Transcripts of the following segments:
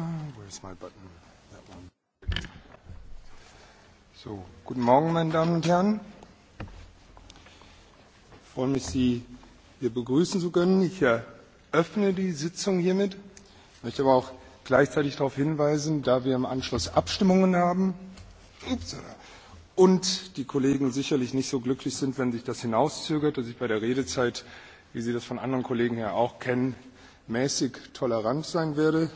Uh, where's my button? That one. So, guten Morgen, meine Damen und Herren. Ich freue mich, Sie hier begrüßen zu können. Ich eröffne die Sitzung hiermit. Ich möchte aber auch gleichzeitig darauf hinweisen, da wir im Anschluss Abstimmungen haben und die Kollegen sicherlich nicht so glücklich sind, wenn sich das hinauszögert, dass ich bei der Redezeit, wie Sie das von anderen Kollegen her auch kennen, mäßig tolerant sein werde.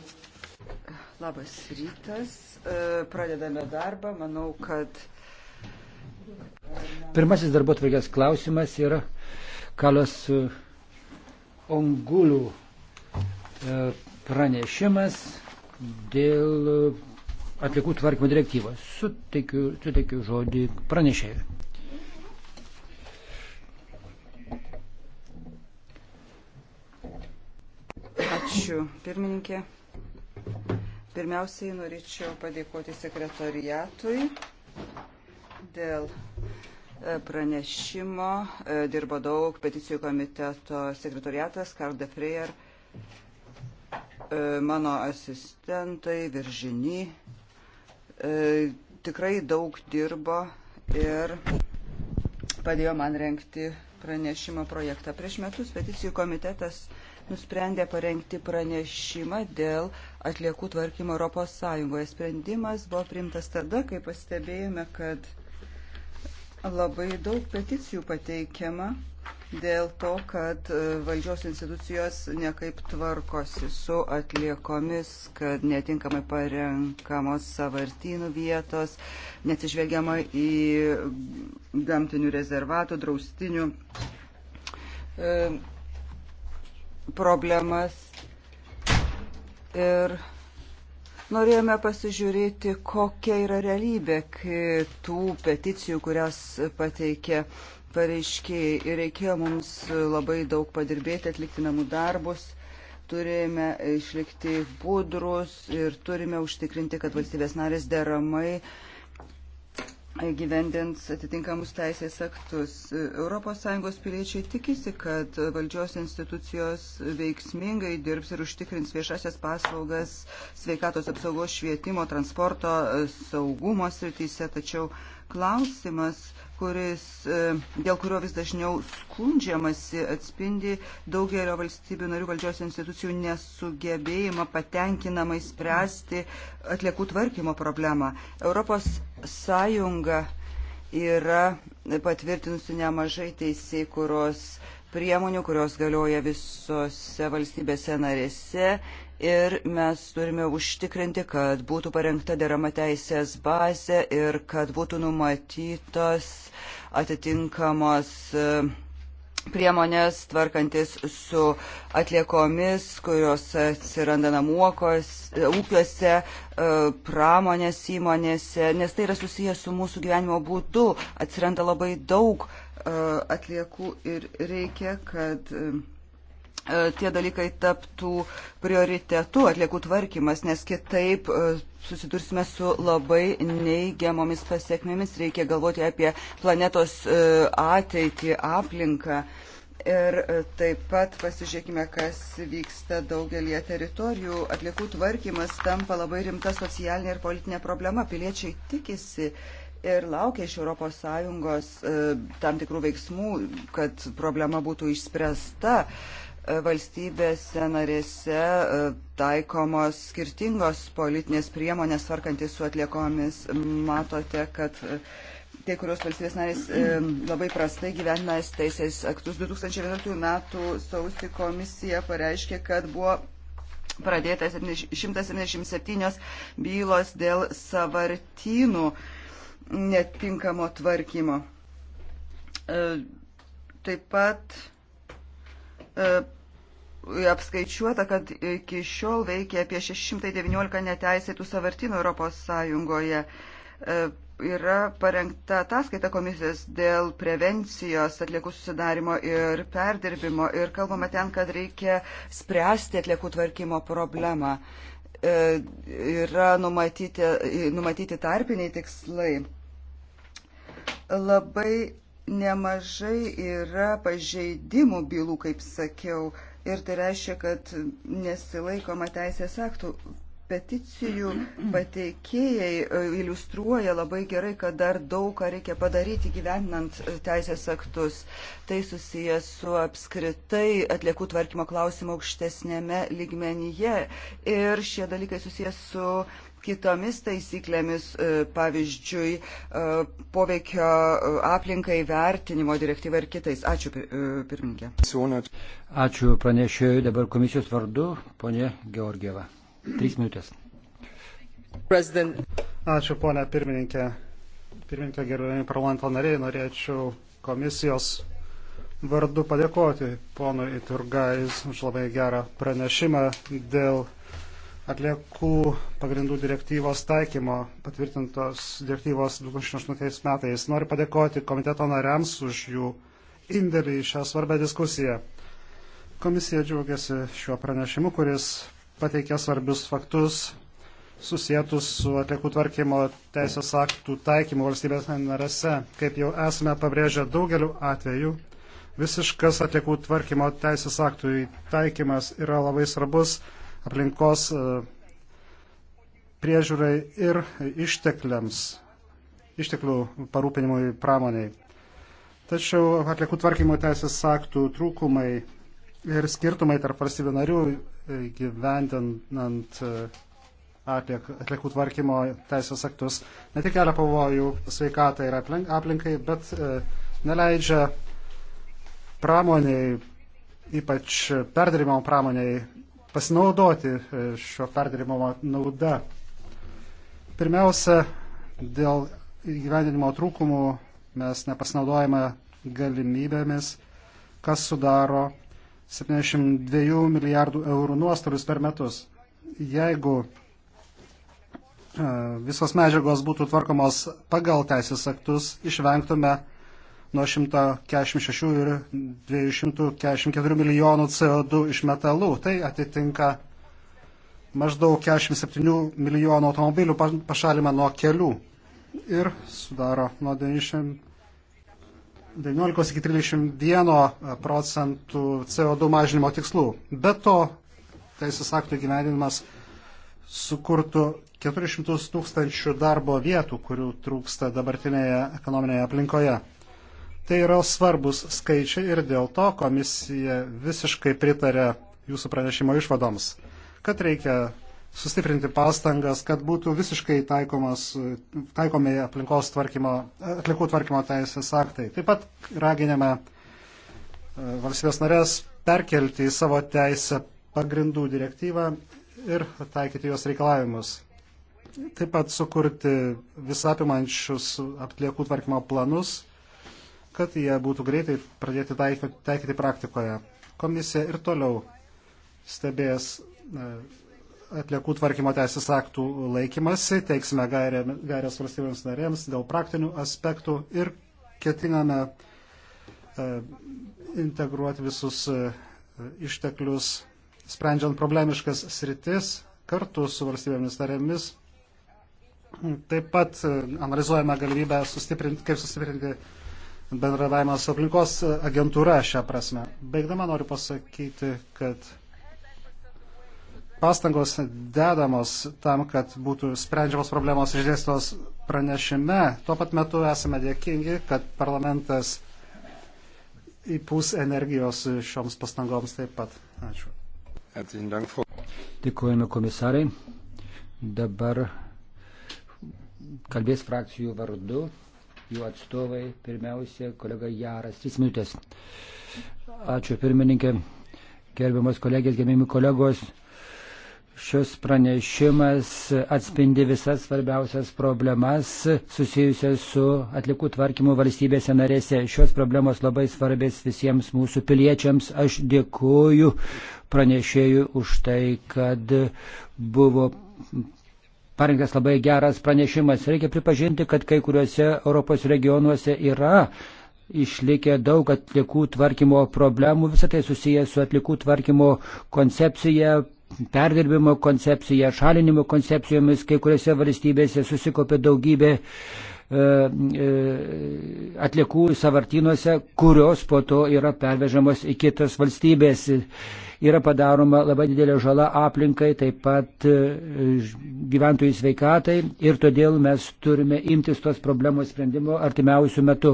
Labas rytas, e, pradedame darbą. Manau, kad. Pirmasis darbo tvarkės klausimas yra Kalos Ongulų e, pranešimas dėl atlikų tvarkymo direktyvos. Suteikiu, suteikiu žodį pranešėjui. Ačiū, pirmininkė. Pirmiausiai norėčiau padėkoti sekretoriatui dėl e, pranešimo. E, dirbo daug peticijų komiteto sekretoriatas, Karda Freyer, e, mano asistentai, Viržini. Tikrai daug dirbo ir padėjo man renkti pranešimo projektą. Prieš metus peticijų komitetas nusprendė parengti pranešimą dėl uh, atliekų tvarkymo Europos Sąjungoje. Sprendimas buvo priimtas tada, kai pastebėjome, kad labai daug peticijų pateikiama dėl to, kad e, valdžios institucijos nekaip tvarkosi su atliekomis, kad netinkamai parenkamos savartynų vietos, neatsižvelgiama į gamtinių rezervatų, draustinių e, problemas ir norėjome pasižiūrėti, kokia yra realybė tų peticijų, kurias pateikė pareiškėjai. Ir reikėjo mums labai daug padirbėti, atlikti namų darbus turime išlikti budrus ir turime užtikrinti, kad valstybės narės deramai gyvendint atitinkamus teisės aktus. ES piliečiai tikisi, kad valdžios institucijos veiksmingai dirbs ir užtikrins viešasias paslaugas sveikatos apsaugos švietimo, transporto, saugumo srityse, tačiau klausimas, kuris, e, dėl kurio vis dažniau skundžiamasi, atspindi daugelio valstybių narių valdžios institucijų nesugebėjimą patenkinamai spręsti atliekų tvarkymo problemą. Europos Sąjunga yra patvirtinusi nemažai teisėjų, kurios priemonių, kurios galioja visose valstybėse narėse ir mes turime užtikrinti, kad būtų parengta derama teisės bazė ir kad būtų numatytos atitinkamos e, priemonės tvarkantis su atliekomis, kurios atsiranda namuokos, e, ūkiuose, e, pramonės įmonėse, nes tai yra susijęs su mūsų gyvenimo būdu, atsiranda labai daug atliekų ir reikia, kad E, tie dalykai taptų prioritetu atliekų tvarkymas, nes kitaip e, susidursime su labai neigiamomis pasiekmėmis. Reikia galvoti apie planetos e, ateitį, aplinką. Ir taip pat pasižiūrėkime, kas vyksta daugelie teritorijų. Atliekų tvarkymas tampa labai rimta socialinė ir politinė problema. Piliečiai tikisi ir laukia iš ES tam tikrų veiksmų, kad problema būtų išspręsta valstybėse narėse e, taikomos skirtingos politinės priemonės tvarkantis su atliekomis. Matote, kad e, kai kurios valstybės narės e, labai prastai gyvena teisės aktus. 2011 m. sausį komisija pareiškė, kad buvo pradėta 177 bylos dėl savartynų netinkamo tvarkymo. Taip pat apskaičiuota, kad iki šiol veikia apie 619 neteisėtų savartynų Europos Sąjungoje. E, yra parengta ataskaita komisijos dėl prevencijos atliekų susidarimo ir perdirbimo ir kalbama ten, kad reikia spręsti atliekų tvarkymo problemą. E, yra numatyti, numatyti tarpiniai tikslai. Labai nemažai yra pažeidimų bylų, kaip sakiau, ir tai reiškia, kad nesilaikoma teisės aktų. Peticijų pateikėjai e, iliustruoja labai gerai, kad dar daug ką reikia padaryti gyvenant teisės aktus. Tai susijęs su apskritai atliekų tvarkymo klausimu aukštesnėme lygmenyje ir šie dalykai susijęs su uh, kitomis taisyklėmis, e, pavyzdžiui, e, poveikio e, aplinkai vertinimo direktyva ir kitais. Ačiū, pirmininkė. Ačiū pranešėjui dabar komisijos vardu, ponė Georgieva. Trys minutės. President. Ačiū, ponė pirmininkė. Pirmininkė, gerbėjami parlamento nariai, norėčiau komisijos vardu padėkoti ponui Iturgais už labai gerą pranešimą dėl atliekų pagrindų direktyvos taikymo patvirtintos direktyvos 2008 metais. Noriu padėkoti komiteto nariams už jų indėlį į šią svarbę diskusiją. Komisija džiaugiasi šiuo pranešimu, kuris pateikė svarbius faktus susijęs su atliekų tvarkymo teisės aktų taikymu valstybės narėse. Kaip jau esame pabrėžę daugeliu atveju, visiškas atliekų tvarkymo teisės aktų taikymas yra labai svarbus aplinkos e, priežiūrai ir ištekliams, išteklių parūpinimui pramoniai. Tačiau atliekų tvarkymo teisės aktų trūkumai ir skirtumai tarp valstybių narių e, gyvendinant e, atliek, atliekų tvarkymo teisės aktus ne tik kelia pavojų sveikatai ir aplinkai, bet neleidžia pramoniai, ypač perdarimo pramoniai, pasinaudoti e, šio perdirimo nauda. Pirmiausia, dėl įgyvendinimo trūkumų mes nepasinaudojame galimybėmis, kas sudaro 72 milijardų eurų nuostolius per metus. Jeigu e, visos medžiagos būtų tvarkomos pagal teisės aktus, išvengtume nuo 146 ir 244 milijonų CO2 iš metalų. Tai atitinka maždaug 47 milijonų automobilių pašalimą nuo kelių ir sudaro nuo 90, 19 iki 31 procentų CO2 mažinimo tikslų. Be to, teisės aktų įgyvendinimas sukurtų 400 tūkstančių darbo vietų, kurių trūksta dabartinėje ekonominėje aplinkoje. Tai yra svarbus skaičiai ir dėl to komisija visiškai pritarė jūsų pranešimo išvadoms, kad reikia sustiprinti pastangas, kad būtų visiškai taikomas, taikomi aplinkos tvarkymo, atlikų tvarkymo teisės aktai. Taip pat raginėme e, valstybės narės perkelti į savo teisę pagrindų direktyvą ir taikyti jos reikalavimus. Taip pat sukurti visapimančius atliekų tvarkymo planus kad jie būtų greitai pradėti taikyti praktikoje. Komisija ir toliau stebės e, atliekų tvarkymo teisės aktų laikymasi, teiksime gairias valstybėms narėms dėl praktinių aspektų ir ketiname e, integruoti visus e, išteklius, sprendžiant problemiškas sritis kartu su valstybėmis narėmis. Taip pat analizuojame galimybę sustiprinti, kaip sustiprinti bendradavimas su aplinkos agentūra šią prasme. Baigdama noriu pasakyti, kad pastangos dedamos tam, kad būtų sprendžiamos problemos išdėstos pranešime. Tuo pat metu esame dėkingi, kad parlamentas įpūs energijos šioms pastangoms taip pat. Ačiū. Dėkojame komisarai. Dabar kalbės frakcijų vardu jų atstovai. Pirmiausia, kolega Jaras, trys minutės. Ačiū pirmininkė, gerbiamas kolegės, gerbiami kolegos. Šis pranešimas atspindi visas svarbiausias problemas susijusias su atlikų tvarkymu valstybėse narėse. Šios problemos labai svarbės visiems mūsų piliečiams. Aš dėkuoju pranešėjui už tai, kad buvo parengtas labai geras pranešimas. Reikia pripažinti, kad kai kuriuose Europos regionuose yra išlikę daug atlikų tvarkymo problemų. Visą tai susiję su atlikų tvarkymo koncepcija, perdirbimo koncepcija, šalinimo koncepcijomis. Kai kuriuose valstybėse susikopė daugybė e, e, atliekų savartinuose, kurios po to yra pervežamos į kitas valstybės yra padaroma labai didelė žala aplinkai, taip pat e, gyventojų sveikatai ir todėl mes turime imtis tos problemos sprendimo artimiausių metų.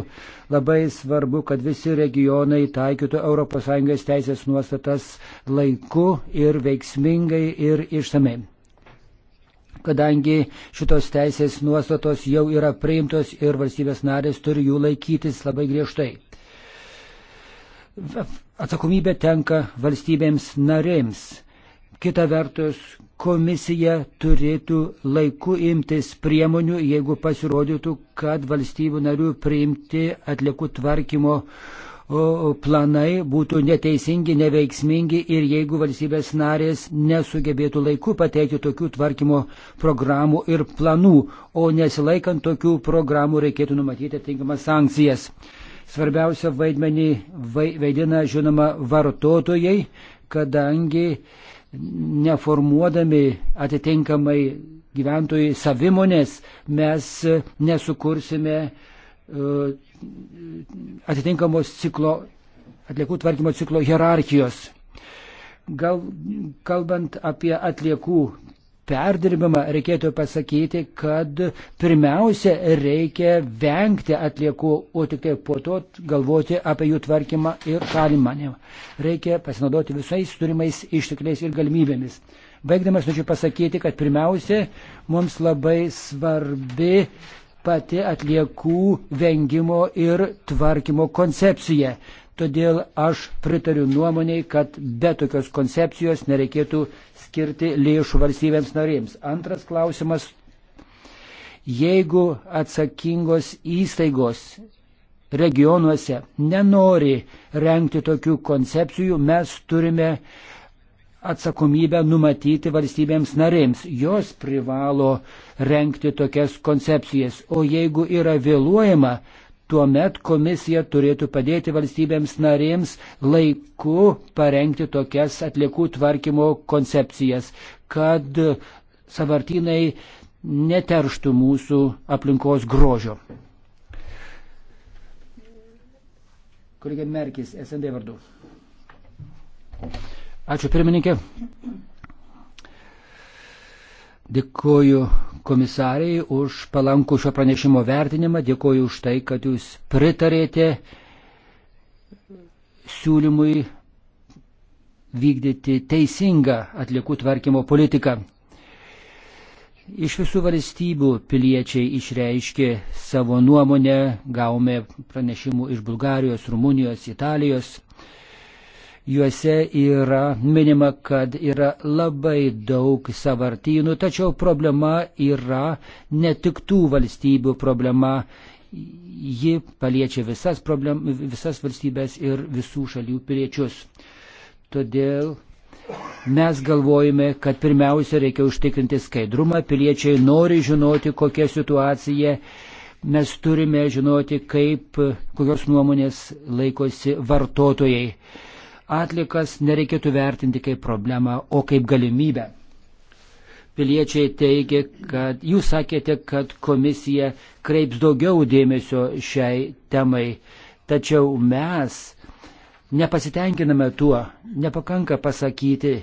Labai svarbu, kad visi regionai taikytų ES teisės nuostatas laiku ir veiksmingai ir išsamei kadangi šitos teisės nuostatos jau yra priimtos ir valstybės narės turi jų laikytis labai griežtai atsakomybė tenka valstybėms narėms. Kita vertus, komisija turėtų laiku imtis priemonių, jeigu pasirodytų, kad valstybių narių priimti atliekų tvarkymo planai būtų neteisingi, neveiksmingi ir jeigu valstybės narės nesugebėtų laiku pateikti tokių tvarkymo programų ir planų, o nesilaikant tokių programų reikėtų numatyti atitinkamas sankcijas. Svarbiausia vaidmenį vaidina, žinoma, vartotojai, kadangi neformuodami atitinkamai gyventojai savimonės mes nesukursime e, atitinkamos ciklo, atliekų tvarkymo ciklo hierarchijos. Gal, kalbant apie atliekų perdirbimą reikėtų pasakyti, kad pirmiausia reikia vengti atliekų, o tik tai po to galvoti apie jų tvarkymą ir šalimą. Reikia pasinaudoti visais turimais ištekliais ir galimybėmis. Baigdamas noriu pasakyti, kad pirmiausia mums labai svarbi pati atliekų vengimo ir tvarkymo koncepcija. Todėl aš pritariu nuomonėj, kad be tokios koncepcijos nereikėtų skirti lėšų valstybėms narėms. Antras klausimas. Jeigu atsakingos įstaigos regionuose nenori renkti tokių koncepcijų, mes turime atsakomybę numatyti valstybėms narėms. Jos privalo renkti tokias koncepcijas. O jeigu yra vėluojama, tuomet komisija turėtų padėti valstybėms narėms laiku parengti tokias atliekų tvarkymo koncepcijas, kad savartinai neterštų mūsų aplinkos grožio. Kolega Merkis, SND vardu. Ačiū pirmininkė. Dėkuoju komisariai už palankų šio pranešimo vertinimą, dėkuoju už tai, kad jūs pritarėte siūlymui vykdyti teisingą atliekų tvarkymo politiką. Iš visų valstybių piliečiai išreiškė savo nuomonę, gaume pranešimų iš Bulgarijos, Rumunijos, Italijos. Juose yra minima, kad yra labai daug savartynų, tačiau problema yra ne tik tų valstybių problema, ji paliečia visas, problem, visas valstybės ir visų šalių piliečius. Todėl mes galvojame, kad pirmiausia reikia užtikrinti skaidrumą, piliečiai nori žinoti, kokia situacija mes turime žinoti, kaip kokios nuomonės laikosi vartotojai atlikas nereikėtų vertinti kaip problemą, o kaip galimybę. Piliečiai teigia, kad jūs sakėte, kad komisija kreips daugiau dėmesio šiai temai, tačiau mes nepasitenkiname tuo, nepakanka pasakyti,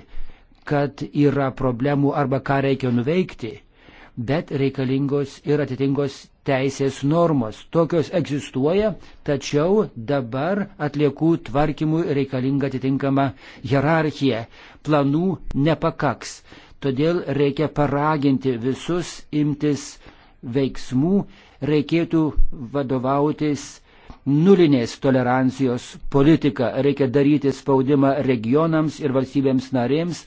kad yra problemų arba ką reikia nuveikti, bet reikalingos ir atitinkos teisės normos. Tokios egzistuoja, tačiau dabar atliekų tvarkymui reikalinga atitinkama hierarchija. Planų nepakaks. Todėl reikia paraginti visus imtis veiksmų, reikėtų vadovautis nulinės tolerancijos politika, reikia daryti spaudimą regionams ir valstybėms narėms,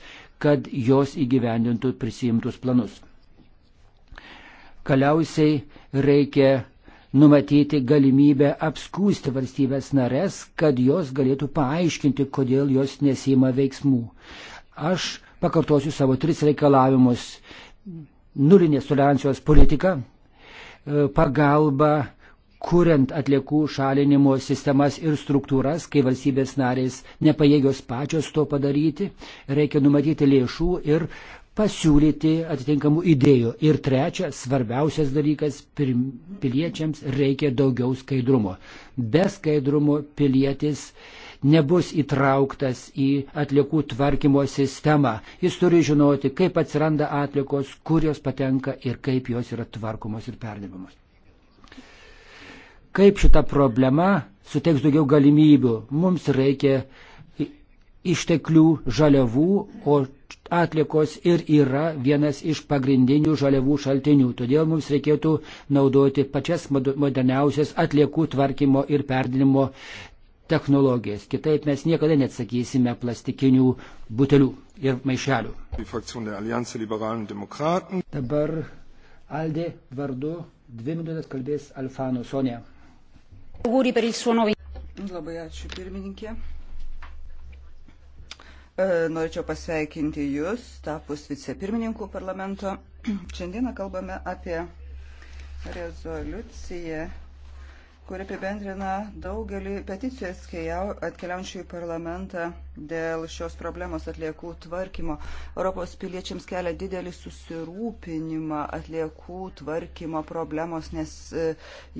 kad jos įgyvendintų prisimtus planus. Galiausiai reikia numatyti galimybę apskūsti valstybės narės, kad jos galėtų paaiškinti, kodėl jos nesima veiksmų. Aš pakartosiu savo tris reikalavimus. Nulinės tolerancijos politika, e, pagalba kuriant atliekų šalinimo sistemas ir struktūras, kai valstybės narės nepajėgios pačios to padaryti, reikia numatyti lėšų ir pasiūlyti atitinkamų idėjų. Ir trečia, svarbiausias dalykas, piliečiams reikia daugiau skaidrumo. Be skaidrumo pilietis nebus įtrauktas į atliekų tvarkymo sistemą. Jis turi žinoti, kaip atsiranda atliekos, kur jos patenka ir kaip jos yra tvarkomos ir perdirbamos. Kaip šita problema suteiks daugiau galimybių? Mums reikia uh, išteklių žaliavų, o atlikos ir yra vienas iš pagrindinių žaliavų šaltinių. Todėl mums reikėtų naudoti pačias moderniausias atliekų tvarkymo ir perdinimo technologijas. Kitaip mes niekada neatsakysime plastikinių butelių ir maišelių. Dabar Aldė vardu dvi minutės kalbės Alfano Sonė. Labai ačiū pirmininkė. E, norėčiau pasveikinti Jūs, tapus vicepirmininkų parlamento. Šiandieną kalbame apie rezoliuciją, kuri apibendrina daugelį peticijų atkeliaujančių į parlamentą dėl šios problemos atliekų tvarkymo. Europos piliečiams kelia didelį susirūpinimą atliekų tvarkymo problemos, nes e,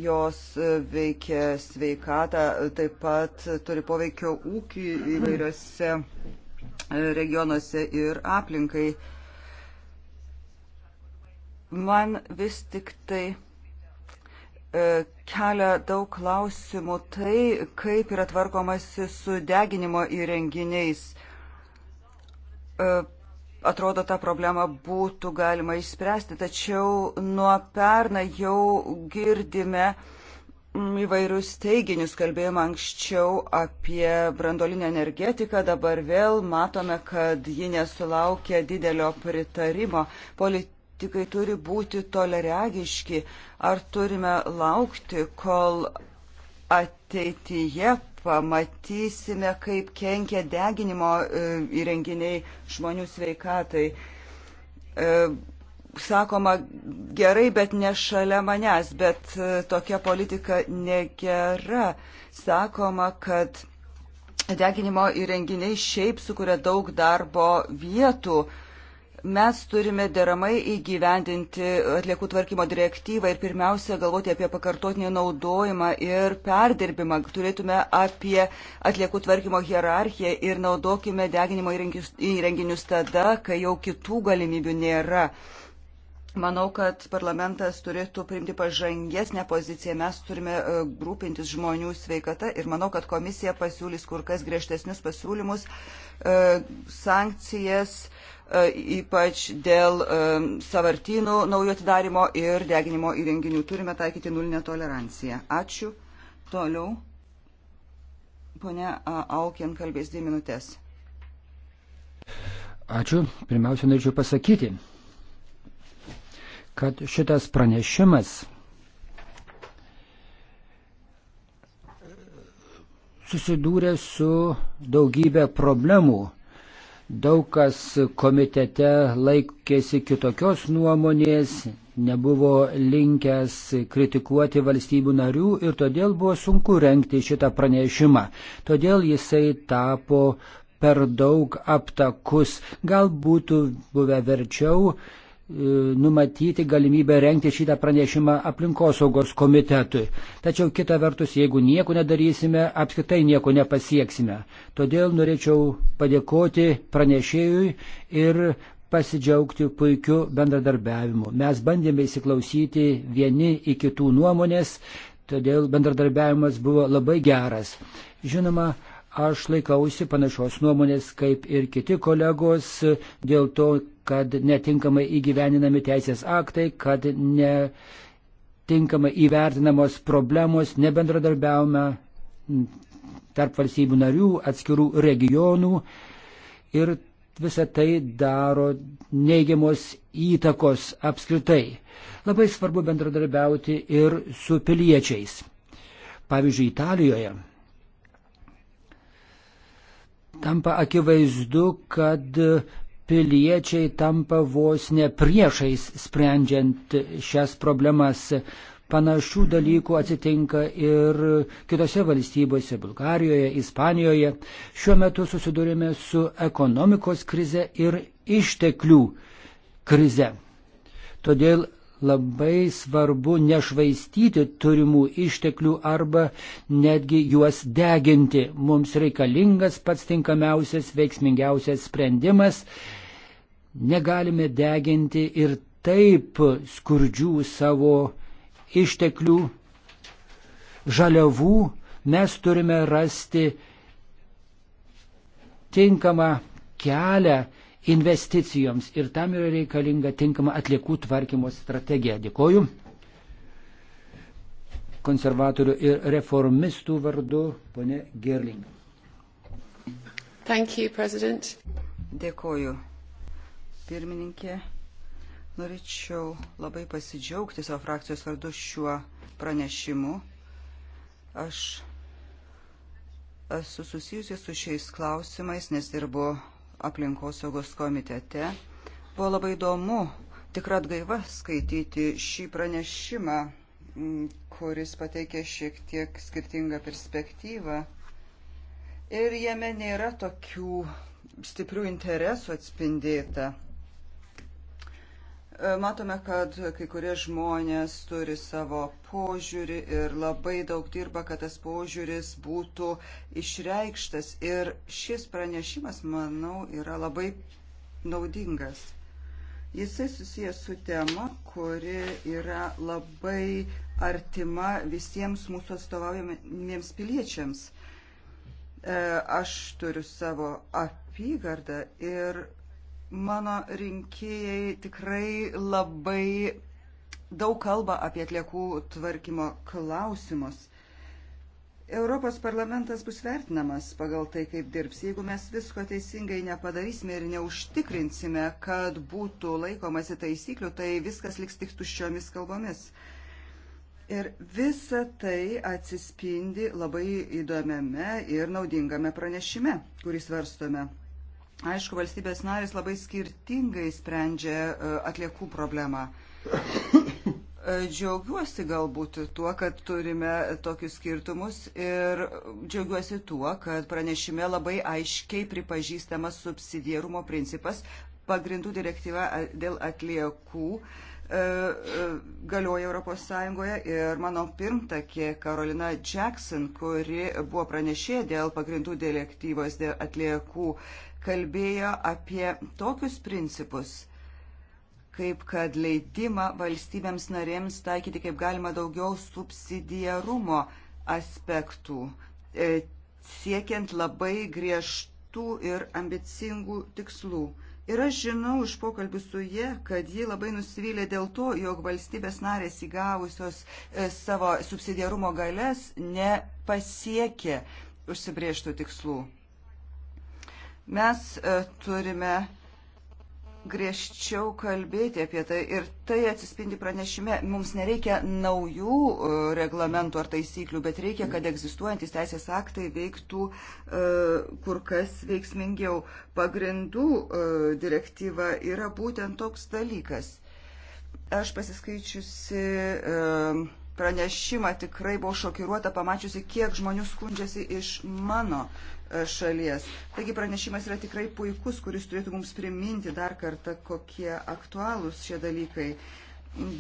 jos e, veikia sveikatą, taip pat turi poveikio ūkį įvairiose. Mm regionuose ir aplinkai. Man vis tik tai e, kelia daug klausimų tai, kaip yra tvarkomasi su deginimo įrenginiais. E, atrodo, tą problemą būtų galima išspręsti, tačiau nuo pernai jau girdime uh, įvairius teiginius, kalbėjome anksčiau apie brandolinę energetiką, dabar vėl matome, kad ji nesulaukia didelio pritarimo. Politikai turi būti toleregiški. Ar turime laukti, kol ateityje pamatysime, kaip kenkia deginimo e, įrenginiai žmonių sveikatai? E, sakoma gerai, bet ne šalia manęs, bet e, tokia politika negera. Sakoma, kad deginimo įrenginiai šiaip sukuria daug darbo vietų. Mes turime deramai įgyvendinti atliekų tvarkymo direktyvą ir pirmiausia galvoti apie pakartotinį naudojimą ir perdirbimą. Turėtume apie atliekų tvarkymo hierarchiją ir naudokime deginimo įrenginius tada, kai jau kitų galimybių nėra. Manau, kad parlamentas turėtų priimti pažangesnę poziciją. Mes turime e, rūpintis žmonių sveikata ir manau, kad komisija pasiūlys kur kas griežtesnius pasiūlymus, e, sankcijas, e, ypač dėl savartynų naujo atidarimo ir deginimo įrenginių. Turime taikyti nulinę toleranciją. Ačiū. Toliau. Pone Aukien kalbės dvi minutės. Ačiū. Pirmiausia, norėčiau pasakyti kad šitas pranešimas e, susidūrė su daugybė problemų. Daug kas komitete laikėsi kitokios nuomonės, nebuvo linkęs kritikuoti valstybių narių ir todėl buvo sunku renkti šitą pranešimą. Todėl jisai tapo per daug aptakus. Gal būtų buvę verčiau E, numatyti galimybę renkti šitą pranešimą aplinkosaugos komitetui. Tačiau kita vertus, jeigu nieko nedarysime, apskritai nieko nepasieksime. Todėl norėčiau padėkoti pranešėjui ir pasidžiaugti puikiu bendradarbiavimu. Mes bandėme įsiklausyti vieni į kitų nuomonės, todėl bendradarbiavimas buvo labai geras. Žinoma, aš laikausi panašios nuomonės kaip ir kiti kolegos dėl to, kad netinkamai įgyveninami teisės aktai, kad netinkamai įvertinamos problemos, nebendradarbiaujame tarp valstybių narių, atskirų regionų ir visą tai daro neigiamos įtakos apskritai. Labai svarbu bendradarbiauti ir su piliečiais. Pavyzdžiui, Italijoje tampa akivaizdu, kad piliečiai tampa vos ne priešais sprendžiant šias problemas. Panašių dalykų atsitinka ir kitose valstybėse - Bulgarijoje, Ispanijoje. Šiuo metu susidurime su ekonomikos krize ir išteklių krize. Todėl labai svarbu nešvaistyti turimų išteklių arba netgi juos deginti. Mums reikalingas pats tinkamiausias, veiksmingiausias sprendimas. Negalime deginti ir taip skurdžių savo išteklių, žaliavų. Mes turime rasti tinkamą kelią investicijoms ir tam yra reikalinga tinkama atliekų tvarkymo strategija. Dėkoju konservatorių ir reformistų vardu, ponė Gerling. Thank you, President. Dėkoju. Pirmininkė, norėčiau labai pasidžiaugti savo frakcijos vardu šiuo pranešimu. Aš esu susijusi su šiais klausimais, nes dirbu aplinkosaugos komitete. Buvo labai įdomu, tikra atgaiva skaityti šį pranešimą, kuris pateikė šiek tiek skirtingą perspektyvą. Ir jame nėra tokių stiprių interesų atspindėta. E, matome, kad kai kurie žmonės turi savo požiūrį ir labai daug dirba, kad tas požiūris būtų išreikštas. Ir šis pranešimas, manau, yra labai naudingas. Jisai susijęs su tema, kuri yra labai artima visiems mūsų atstovaujamiems piliečiams. E, aš turiu savo apygardą ir Mano rinkėjai tikrai labai daug kalba apie atliekų tvarkymo klausimus. Europos parlamentas bus vertinamas pagal tai, kaip dirbs. Jeigu mes visko teisingai nepadarysime ir neužtikrinsime, kad būtų laikomasi taisyklių, tai viskas liks tik tuščiomis kalbomis. Ir visa tai atsispindi labai įdomiame ir naudingame pranešime, kurį svarstome. Aišku, valstybės narės labai skirtingai sprendžia e, atliekų problemą. E, džiaugiuosi galbūt tuo, kad turime tokius skirtumus ir džiaugiuosi tuo, kad pranešime labai aiškiai pripažįstamas subsidierumo principas pagrindų direktyva dėl atliekų e, galioja Europos Sąjungoje ir mano pirmtakė Karolina Jackson, kuri buvo pranešė dėl pagrindų direktyvos dėl atliekų kalbėjo apie tokius principus, kaip kad leidimą valstybėms narėms taikyti kaip galima daugiau subsidiarumo aspektų, e, siekiant labai griežtų ir ambicingų tikslų. Ir aš žinau iš pokalbių su jie, kad ji labai nusivylė dėl to, jog valstybės narės įgavusios e, savo subsidiarumo galės nepasiekė užsibrieštų tikslų. Mes e, turime griežčiau kalbėti apie tai ir tai atsispindi pranešime. Mums nereikia naujų e, reglamentų ar taisyklių, bet reikia, kad egzistuojantis teisės aktai veiktų e, kur kas veiksmingiau. Pagrindų direktyva yra būtent toks dalykas. Aš pasiskaičiusi pranešimą tikrai buvau šokiruota pamačiusi, kiek žmonių skundžiasi iš mano šalies. Taigi pranešimas yra tikrai puikus, kuris turėtų mums priminti dar kartą, kokie aktualūs šie dalykai.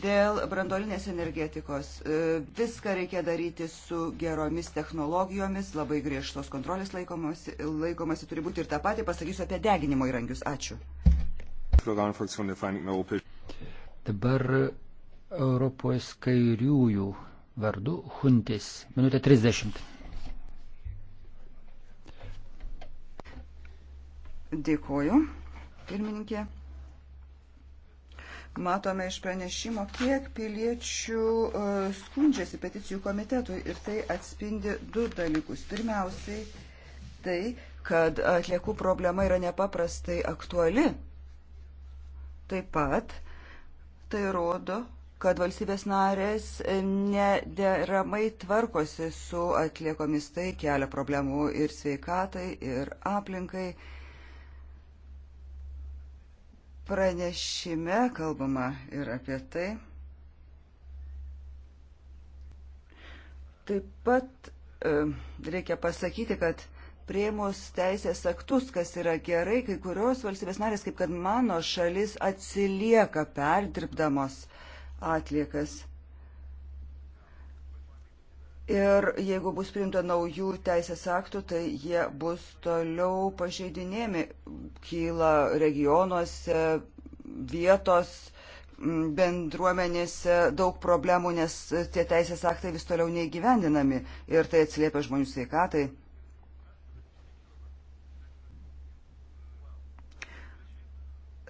Dėl brandolinės energetikos e, viską reikia daryti su geromis technologijomis, labai griežtos kontrolės laikomasi, laikomasi turi būti ir tą patį pasakysiu apie deginimo įrankius. Ačiū. Dabar Europos kairiųjų vardu Huntis. Minutė 30. Dėkoju, pirmininkė. Matome iš pranešimo, kiek piliečių e, skundžiasi peticijų komitetui ir tai atspindi du dalykus. Pirmiausiai tai, kad atliekų problema yra nepaprastai aktuali. Taip pat tai rodo, kad valstybės narės nederamai tvarkosi su atliekomis, tai kelia problemų ir sveikatai, ir aplinkai. Pranešime kalbama ir apie tai. Taip pat e, reikia pasakyti, kad prieimus teisės aktus, kas yra gerai, kai kurios valstybės narės, kaip kad mano šalis, atsilieka perdirbdamos atliekas. Ir jeigu bus priimta naujų teisės aktų, tai jie bus toliau pažeidinėmi. Kyla regionuose, vietos bendruomenėse daug problemų, nes tie teisės aktai vis toliau neįgyvendinami ir tai atsiliepia žmonių sveikatai.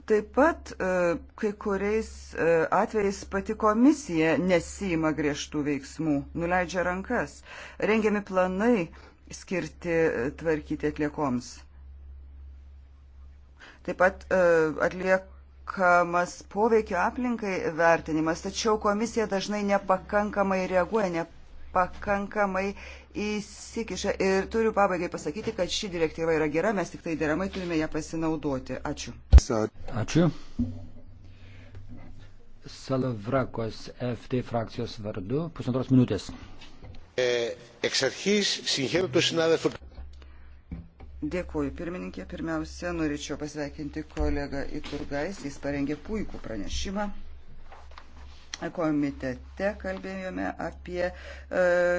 Taip pat e, kai kuriais e, atvejais pati komisija nesima griežtų veiksmų, nuleidžia rankas, rengiami planai skirti e, tvarkyti atliekoms. Taip pat atliek pakankamas poveikio aplinkai vertinimas, tačiau komisija dažnai nepakankamai reaguoja, nepakankamai įsikiša. Ir turiu pabaigai pasakyti, kad ši direktyva yra gera, mes tik tai deramai turime ją pasinaudoti. Ačiū. Ačiū. Salavrakos FT frakcijos vardu pusantros minutės. E, Dėkuoju, pirmininkė. Pirmiausia, norėčiau pasveikinti kolegą Iturgais. Jis parengė puikų pranešimą komitete kalbėjome apie e,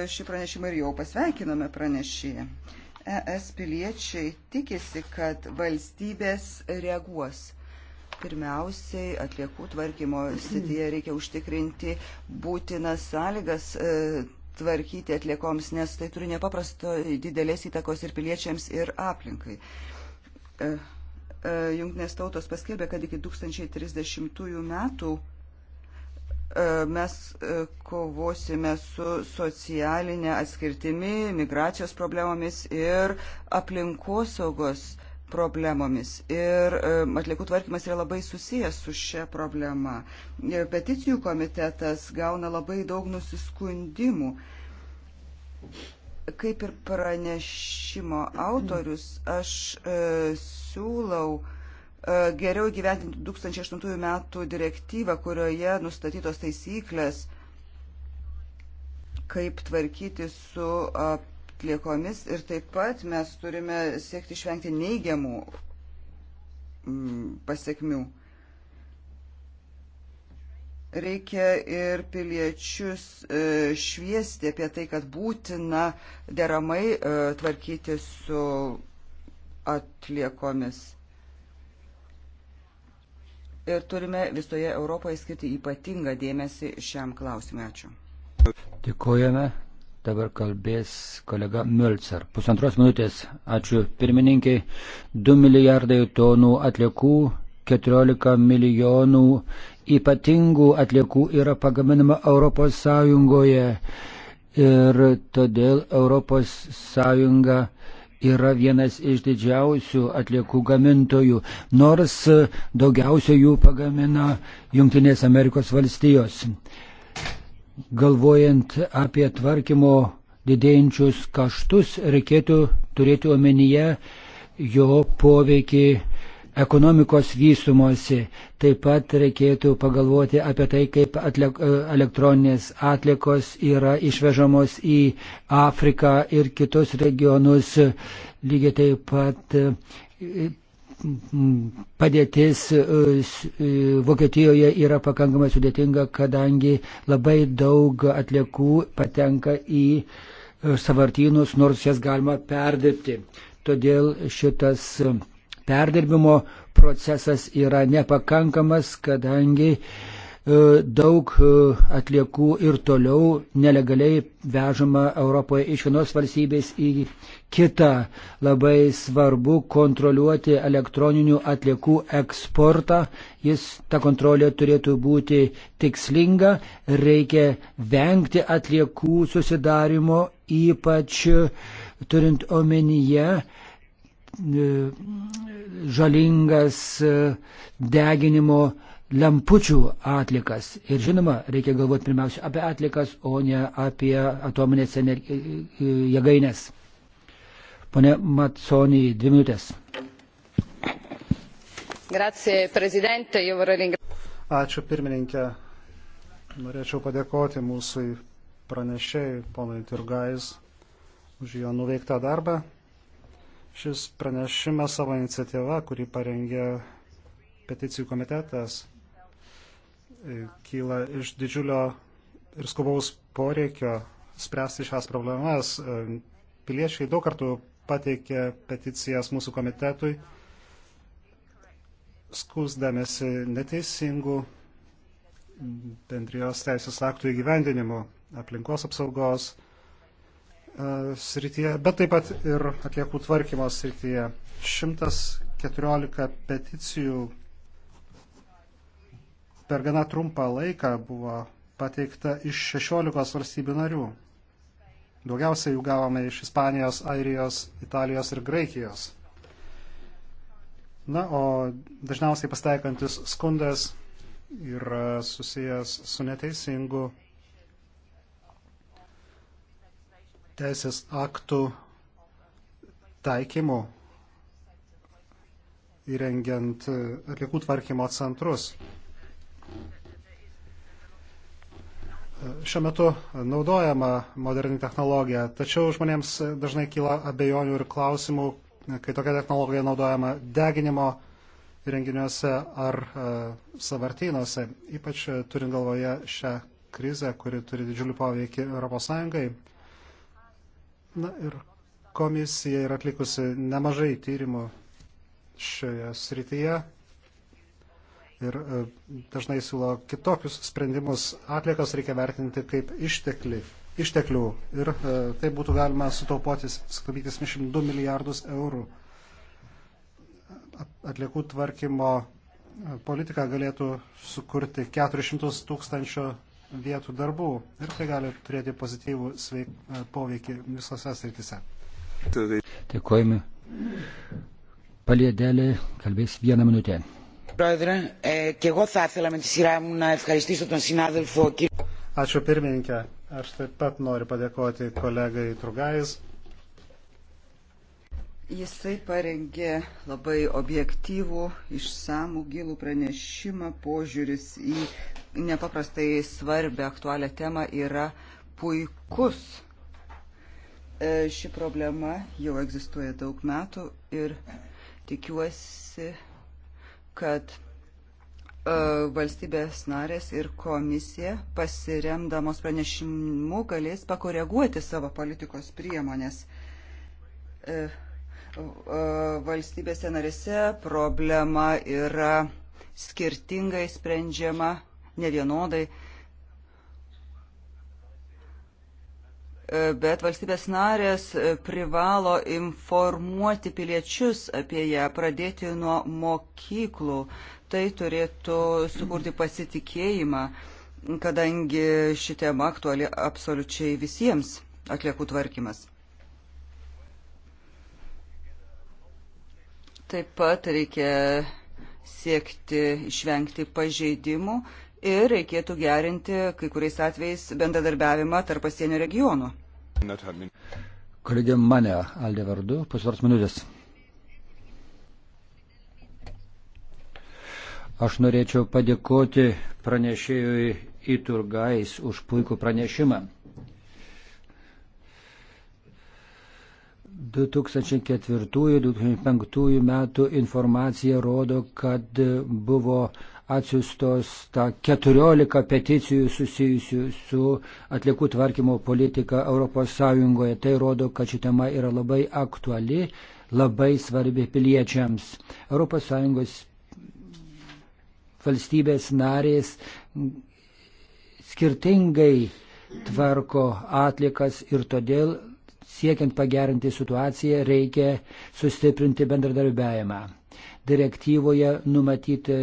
šį pranešimą ir jau pasveikinome pranešėją. ES piliečiai tikisi, kad valstybės reaguos. Pirmiausiai atliekų tvarkymo srityje reikia užtikrinti būtinas sąlygas e, tvarkyti atliekoms, nes tai turi nepaprasto didelės įtakos ir piliečiams, ir aplinkai. E, Junktinės tautos paskelbė, kad iki 2030 metų E, mes e, kovosime su socialinė atskirtimi, migracijos problemomis ir aplinkosaugos problemomis. Ir e, atliekų tvarkymas yra labai susijęs su šia problema. Ir peticijų komitetas gauna labai daug nusiskundimų. Kaip ir pranešimo autorius, aš e, siūlau e, geriau gyventinti 2008 metų direktyvą, kurioje nustatytos taisyklės, kaip tvarkyti su atliekomis ir taip pat mes turime siekti išvengti neigiamų mm, pasiekmių. Reikia ir piliečius e, šviesti apie tai, kad būtina deramai e, tvarkyti su atliekomis ir turime visoje Europoje skirti ypatingą dėmesį šiam klausimui. Ačiū. Dėkojame. Dabar kalbės kolega Mölcer. Pusantros minutės. Ačiū pirmininkiai. 2 milijardai tonų atliekų, 14 milijonų ypatingų atliekų yra pagaminama ES. Ir todėl ES yra vienas iš didžiausių atliekų gamintojų, nors e, daugiausia jų pagamina Junktinės Amerikos valstijos. Galvojant apie tvarkymo didėjančius kaštus, reikėtų turėti omenyje jo poveikį ekonomikos vystumosi. Taip pat reikėtų pagalvoti apie tai, kaip atliek, e, elektroninės atlikos yra išvežamos į Afriką ir kitus regionus. Lygiai taip pat e, padėtis e, Vokietijoje yra pakankamai sudėtinga, kadangi labai daug atliekų patenka į savartynus, nors jas galima perdirbti. Todėl šitas perdirbimo procesas yra nepakankamas, kadangi e, daug e, atliekų ir toliau nelegaliai vežama Europoje iš vienos valstybės į kitą. Labai svarbu kontroliuoti elektroninių atliekų eksportą. Jis, ta kontrolė turėtų būti tikslinga, reikia vengti atliekų susidarimo, ypač turint omenyje E, žalingas e, deginimo lempučių atlikas. Ir žinoma, reikia galvoti pirmiausia apie atlikas, o ne apie atominės e, jėgainės. Pone Matsonį, dvi minutės. Grazie, prezidente, jau varinga. Ačiū pirmininkė. Norėčiau padėkoti mūsų pranešėjai, ponai Turgais, už jo nuveiktą darbą. Šis pranešimas savo iniciatyva, kurį parengė peticijų komitetas, e, kyla iš didžiulio ir skubaus poreikio spręsti šias problemas. E, piliečiai daug kartų pateikė peticijas mūsų komitetui, skusdamėsi neteisingų bendrijos teisės aktų įgyvendinimu, aplinkos apsaugos, E, srityje, bet taip pat ir atliekų tvarkymo srityje. 114 peticijų per gana trumpą laiką buvo pateikta iš 16 valstybių narių. Daugiausiai jų gavome iš Ispanijos, Airijos, Italijos ir Graikijos. Na, o dažniausiai pasteikantis skundas yra susijęs su neteisingu teisės aktų taikymu įrengiant e, atliekų tvarkymo centrus. E, šiuo metu naudojama moderni technologija, tačiau žmonėms dažnai kyla abejonių ir klausimų, kai tokia technologija naudojama deginimo renginiuose ar e, savartynuose, ypač turint galvoje šią krizę, kuri turi didžiulį poveikį ES Na ir komisija yra atlikusi nemažai tyrimų šioje srityje ir e, dažnai siūlo kitokius sprendimus. Atliekas reikia vertinti kaip ištekli, išteklių ir e, tai būtų galima sutaupoti, sutaupyti 72 milijardus eurų. Atliekų tvarkymo e, politika galėtų sukurti 400 tūkstančio vietų darbų ir tai gali turėti pozityvų sveik, e, poveikį visose srityse. Dėkojame. Παλιεντέλε, καλβείς μία μινούτη. Πρόεδρε, ε, και εγώ θα ήθελα με τη σειρά μου να ευχαριστήσω τον συνάδελφο κύριο. Ačiū pirmininkė. Aš taip pat noriu padėkoti kolegai Trugais Jisai parengė labai objektyvų, išsamų, gilų pranešimą, požiūris į nepaprastai svarbę aktualią temą yra puikus. E, ši problema jau egzistuoja daug metų ir tikiuosi, kad e, valstybės narės ir komisija pasiremdamos pranešimu galės pakoreguoti savo politikos priemonės. E, E, valstybėse narėse problema yra skirtingai sprendžiama, nevienodai. E, bet valstybės narės privalo informuoti piliečius apie ją, pradėti nuo mokyklų. Tai turėtų sukurti pasitikėjimą, kadangi ši tema aktuali absoliučiai visiems atliekų tvarkymas. Taip pat reikia siekti išvengti pažeidimų ir reikėtų gerinti kai kuriais atvejais bendradarbiavimą tarp pasienio regionų. Kolegė mane, Aldė vardu, pusvars minutės. Aš norėčiau padėkoti pranešėjui Iturgais už puikų pranešimą. 2004-2005 metų informacija rodo, kad buvo atsiustos ta 14 peticijų susijusių su atliekų tvarkymo politika ES. Tai rodo, kad ši tema yra labai aktuali, labai svarbi piliečiams. ES valstybės narės skirtingai tvarko atlikas ir todėl siekiant pagerinti situaciją, reikia sustiprinti bendradarbiavimą. Direktyvoje numatyti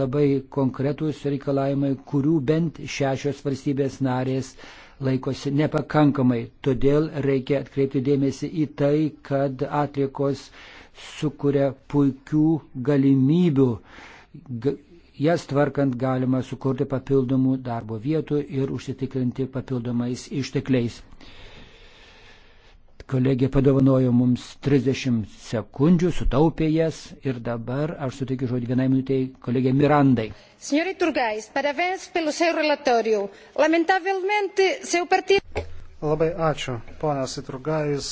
labai konkretūs reikalavimai, kurių bent šešios valstybės narės laikosi nepakankamai. Todėl reikia atkreipti dėmesį į tai, kad atliekos sukuria puikių galimybių. Jas tvarkant galima sukurti papildomų darbo vietų ir užsitikrinti papildomais ištekliais. Kolegė padovanojo mums 30 sekundžių, sutaupė jas ir dabar aš suteikiu žodį vienai minutėjai kolegė Mirandai. Signori Turgais, parabens pelo seu relatorio. Lamentavelmente seu partido. Labai ačiū, ponas Turgais.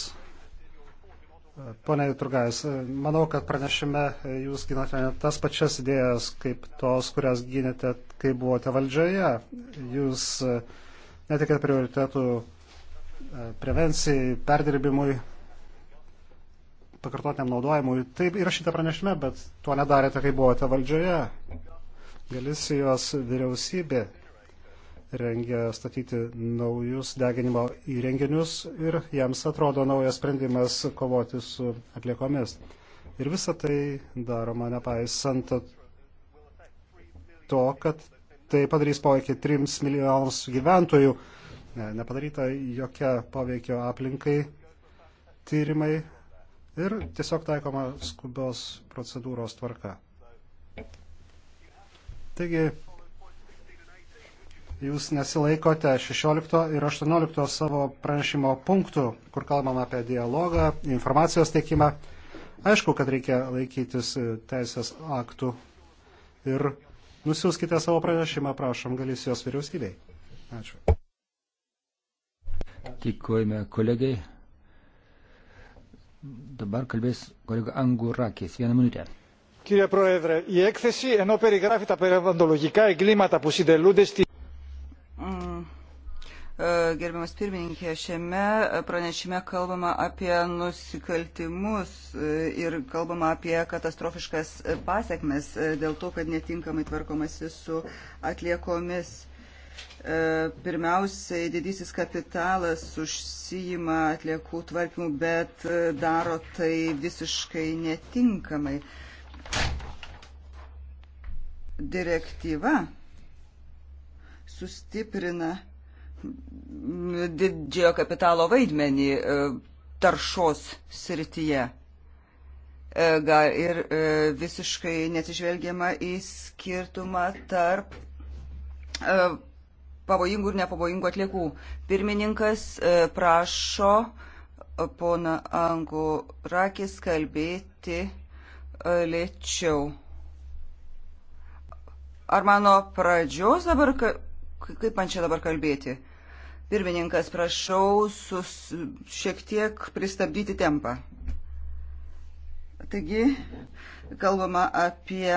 Pone Turgais, manau, kad pranešime jūs ginate tas pačias idėjas, kaip tos, kurias ginėte, kai buvote valdžioje. Jūs netikėt prioritetų prevencijai, perdirbimui, pakartotiniam naudojimui. Taip įrašyta pranešime, bet to nedarėte, kai buvote valdžioje. Galisijos vyriausybė rengia statyti naujus deginimo įrenginius ir jiems atrodo naujas sprendimas kovoti su atliekomis. Ir visa tai daroma nepaisant to, kad tai padarys poveikį 3 milijonams gyventojų nepadaryta jokia poveikio aplinkai tyrimai ir tiesiog taikoma skubios procedūros tvarka. Taigi, jūs nesilaikote 16 ir 18 savo pranešimo punktų, kur kalbam apie dialogą, informacijos teikimą. Aišku, kad reikia laikytis teisės aktų ir nusiųskite savo pranešimą, prašom, Galisijos vyriausybei. Ačiū. Dėkojame kolegai. Dabar kalbės kolega Angurakis. Vieną minutę. Κύριε Πρόεδρε, η έκθεση ενώ περιγράφει τα περιβαλλοντολογικά εγκλήματα που συντελούνται στη... Gerbiamas pirmininkė, šiame pranešime kalbama apie nusikaltimus e, ir kalbama apie katastrofiškas e, pasiekmes e, dėl to, kad netinkamai tvarkomasi su atliekomis E, pirmiausiai didysis kapitalas užsijima atliekų tvarkymų, bet e, daro tai visiškai netinkamai. Direktyva sustiprina didžiojo kapitalo vaidmenį e, taršos srityje. Ir visiškai neatsižvelgiama į skirtumą tarp pavojingų ir nepavojingų atliekų. Pirmininkas e, prašo e, pona Angurakis kalbėti e, lėčiau. Ar mano pradžios dabar, kaip man čia dabar kalbėti? Pirmininkas, prašau sus, šiek tiek pristabdyti tempą. Taigi, kalbama apie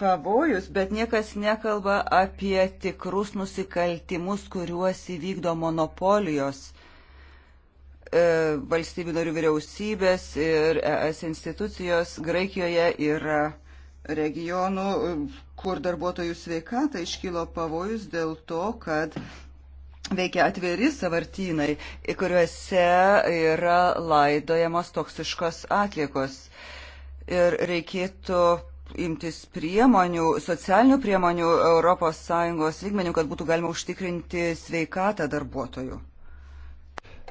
pavojus, bet niekas nekalba apie tikrus nusikaltimus, kuriuos įvykdo monopolijos e, valstybių narių vyriausybės ir ES institucijos. Graikijoje yra regionų, kur darbuotojų sveikata iškilo pavojus dėl to, kad veikia atviri savartynai, kuriuose yra laidojamos toksiškos atliekos. Ir reikėtų imtis priemonių, socialinių priemonių ES lygmenių, kad būtų galima užtikrinti sveikatą darbuotojų.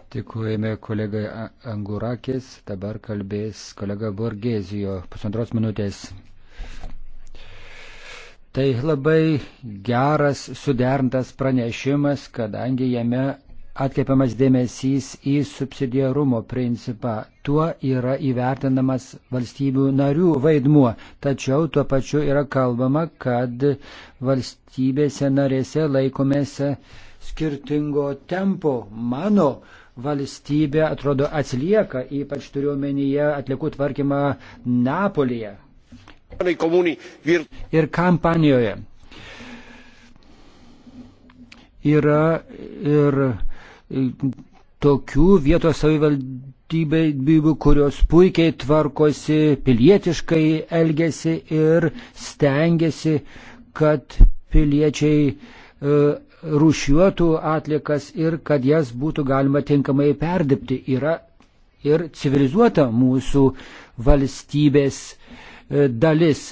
Tikujame kolegai Angurakis, dabar kalbės kolega Borgezijo, pusantros minutės. Tai labai geras suderintas pranešimas, kadangi jame atkreipiamas dėmesys į subsidiarumo principą. Tuo yra įvertinamas valstybių narių vaidmuo. Tačiau tuo pačiu yra kalbama, kad valstybėse narėse laikomėse skirtingo tempo. Mano valstybė atrodo atsilieka, ypač turiuomenyje atliekų tvarkymą Napolyje. Ir kampanijoje yra ir tokių vietos savivaldybių, kurios puikiai tvarkosi, pilietiškai elgesi ir stengiasi, kad piliečiai e, rūšiuotų atlikas ir kad jas būtų galima tinkamai perdipti. Yra ir civilizuota mūsų valstybės e, dalis.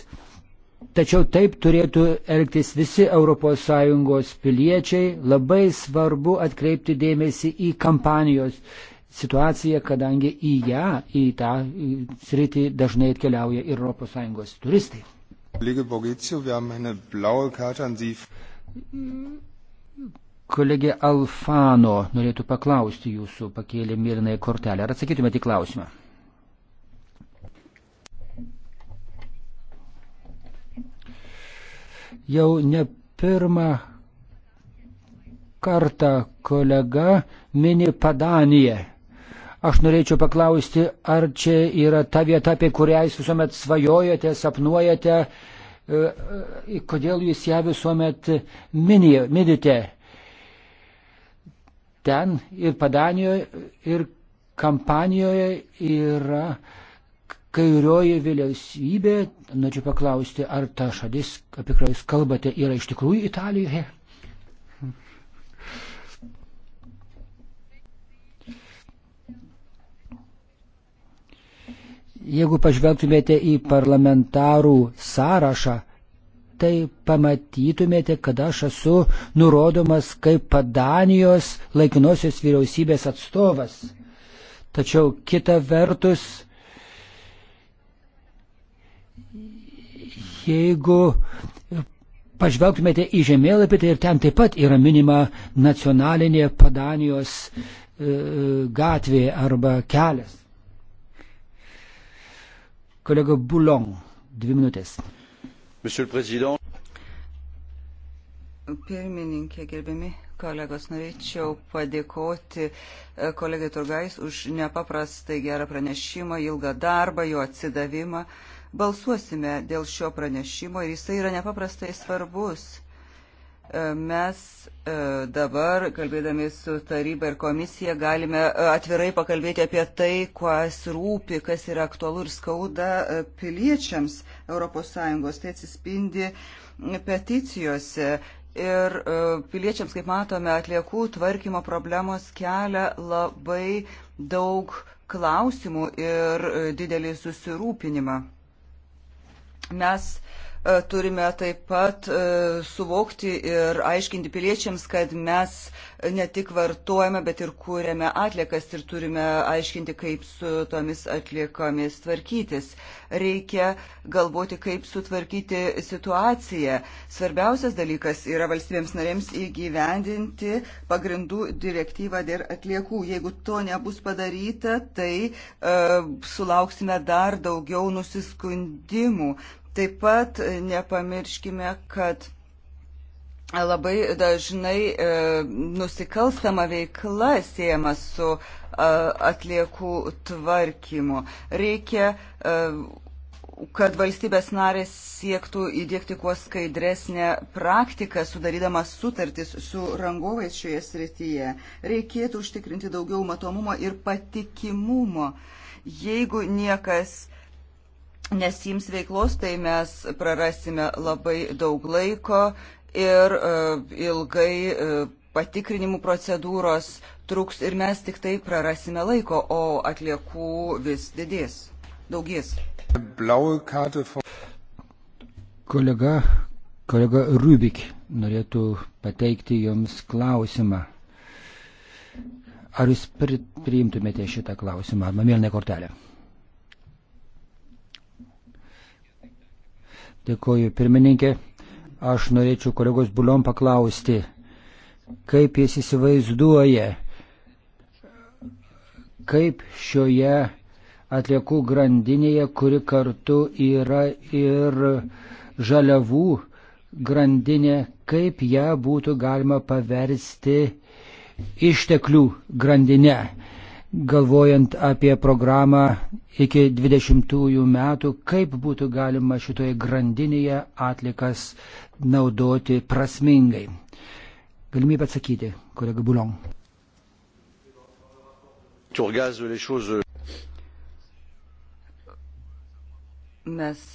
Tačiau taip turėtų elgtis visi ES piliečiai. Labai svarbu atkreipti dėmesį į kampanijos situaciją, kadangi į ją, į tą į sritį dažnai atkeliauja ir ES turistai. Kolegė Alfano norėtų paklausti jūsų, pakėlė mirnai kortelę. Ar atsakytumėte į klausimą? Jau ne pirmą kartą kolega mini Padaniją. Aš norėčiau paklausti, ar čia yra ta vieta, apie kurią jūs visuomet svajojate, sapnuojate, e, e, kodėl jūs ją visuomet minite. Ten ir Padanijoje, ir kampanijoje yra uh, kairioji vyriausybė, norėčiau paklausti, ar ta šalis, apie kurią jūs kalbate, yra iš tikrųjų Italijoje? Jeigu pažvelgtumėte į parlamentarų sąrašą, tai pamatytumėte, kad aš esu nurodomas kaip Padanijos laikinosios vyriausybės atstovas. Tačiau kita vertus, Jeigu pažvelgtumėte į žemėlapį, tai ir ten taip pat yra minima nacionalinė Padanijos e, gatvė arba kelias. Kolega Boulon, dvi minutės. Pirmininkė, gerbiami kolegos, norėčiau padėkoti e, kolegai Turgais už nepaprastai gerą pranešimą, ilgą darbą, jo atsidavimą. Uh, balsuosime dėl šio pranešimo ir jisai yra nepaprastai svarbus. E, mes e, dabar, kalbėdami su taryba ir komisija, galime e, atvirai pakalbėti apie tai, kas rūpi, kas yra aktualu ir skauda piliečiams ES. Tai atsispindi peticijose ir piliečiams, kaip matome, atliekų tvarkymo problemos kelia labai daug klausimų ir didelį susirūpinimą. Mes e, turime taip pat e, suvokti ir aiškinti piliečiams, kad mes ne tik vartojame, bet ir kūrėme atliekas ir turime aiškinti, kaip su tomis atliekomis tvarkytis. Reikia galvoti, kaip sutvarkyti situaciją. Svarbiausias dalykas yra valstybėms narėms įgyvendinti pagrindų direktyvą dėl atliekų. Jeigu to nebus padaryta, tai e, uh, sulauksime dar daugiau nusiskundimų. Taip pat nepamirškime, kad labai dažnai e, nusikalstama veikla siejama su e, atliekų tvarkymu. Reikia, e, kad valstybės narės siektų įdėkti kuo skaidresnę praktiką, sudarydamas sutartis su rangovais šioje srityje. Reikėtų užtikrinti daugiau matomumo ir patikimumo. Jeigu niekas nesims veiklos, tai mes prarasime labai daug laiko ir e, ilgai e, patikrinimų procedūros truks ir mes tik tai prarasime laiko, o atliekų vis didės, daugės. Kolega, kolega Rubik norėtų pateikti Jums klausimą. Ar Jūs priimtumėte šitą klausimą, arba mėlyną kortelę? Dėkuoju, pirmininkė. Aš norėčiau kolegos Buliom paklausti, kaip jis įsivaizduoja, kaip šioje atliekų grandinėje, kuri kartu yra ir žaliavų grandinė, kaip ją būtų galima paversti išteklių grandinę galvojant apie programą iki 20 metų, kaip būtų galima šitoje grandinėje atlikas naudoti prasmingai. Galimybė atsakyti, kolega Bulion. Euh, Mes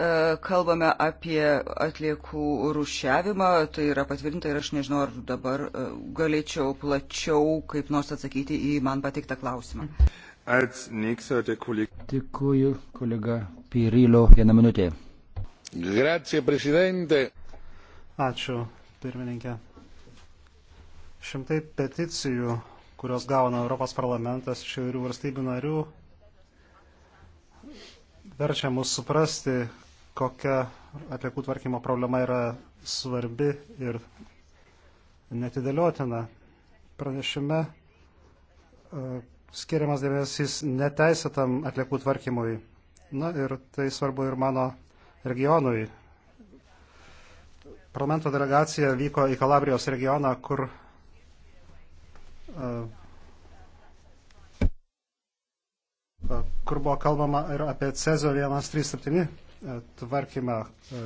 E, kalbame apie atliekų rušiavimą, tai yra patvirtinta ir aš nežinau, ar dabar e, galėčiau plačiau kaip nors atsakyti į man patiktą klausimą. Tikuoju, kolega Pirilo, vieną minutę. Grazie, prezidente. Ačiū, pirmininkė. Šimtai peticijų, kurios gauna Europos parlamentas iš įvairių valstybių narių, verčia mus suprasti, kokia atliekų tvarkymo problema yra svarbi ir netidėliotina. Pranešime e, skiriamas dėmesys neteisėtam atliekų tvarkymui. Na ir tai svarbu ir mano regionui. Parlamento delegacija vyko į Kalabrijos regioną, kur e, kur buvo kalbama ir apie Cezio 137 E, tvarkymą e,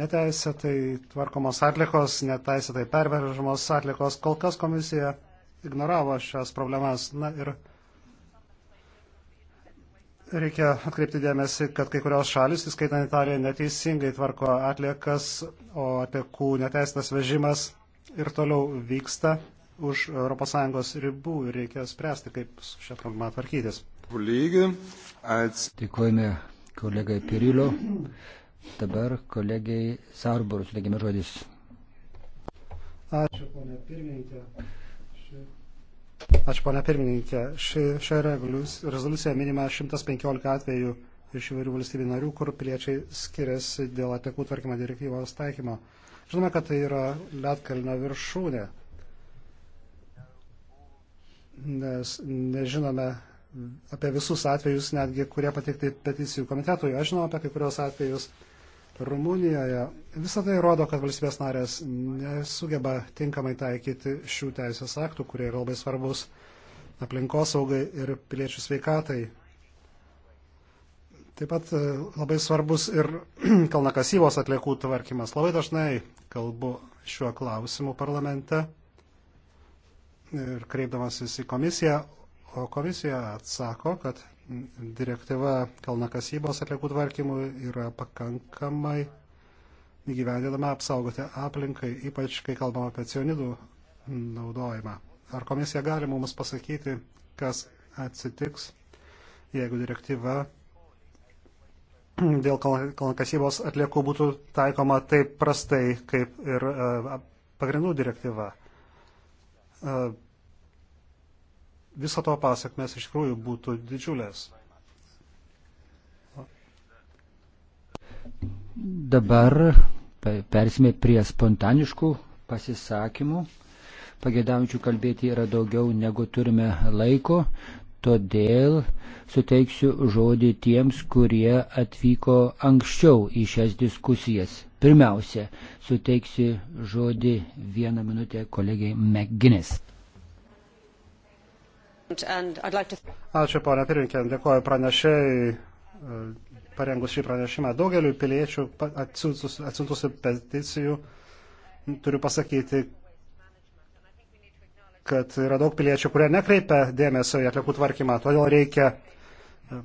neteisėtai tvarkomos atlikos, neteisėtai pervežamos atlikos. Kol kas komisija ignoravo šias problemas. Na ir reikia atkreipti dėmesį, kad kai kurios šalis, įskaitant Italiją, neteisingai tvarko atliekas, o atliekų neteisėtas vežimas ir toliau vyksta už ES ribų ir reikia spręsti, kaip su šią problemą tvarkytis. Dėkojame kolegai Pirilo, dabar kolegiai Sarborus, legime žodis. Ačiū, ponia pirmininkė. Ši... Ačiū, ponia pirmininkė. Ši, šią rezoliuciją minima 115 atvejų iš įvairių valstybių narių, kur piliečiai skiriasi dėl atekų tvarkymo direktyvos taikymo. Žinome, kad tai yra Lietkalnio viršūnė, nes nežinome apie visus atvejus, netgi kurie patikti peticijų komitetui. Aš žinau apie kai kurios atvejus Rumunijoje. Visą tai rodo, kad valstybės narės nesugeba tinkamai taikyti šių teisės aktų, kurie yra labai svarbus aplinkosaugai ir piliečių sveikatai. Taip pat e, labai svarbus ir kalnakasybos atliekų tvarkymas. Labai dažnai kalbu šiuo klausimu parlamente ir kreipdamasis į komisiją, O komisija atsako, kad direktyva kalnakasybos atliekų tvarkymui yra pakankamai įgyvendinama apsaugoti aplinkai, ypač kai kalbama apie cionidų naudojimą. Ar komisija gali mums pasakyti, kas atsitiks, jeigu direktyva dėl kalnakasybos atliekų būtų taikoma taip prastai, kaip ir e, pagrindų direktyva. E, viso to pasakmes iš tikrųjų būtų didžiulės. Dabar persime prie spontaniškų pasisakymų. Pagėdaujančių kalbėti yra daugiau negu turime laiko, todėl suteiksiu žodį tiems, kurie atvyko anksčiau į šias diskusijas. Pirmiausia, suteiksiu žodį vieną minutę kolegiai McGuinness. Ačiū, ponia Pirinkė, dėkoju pranešėjai e, parengus šį pranešimą. Daugeliu piliečių atsiuntusių peticijų turiu pasakyti, kad yra daug piliečių, kurie nekreipia dėmesio į atliekų tvarkymą. Todėl reikia e,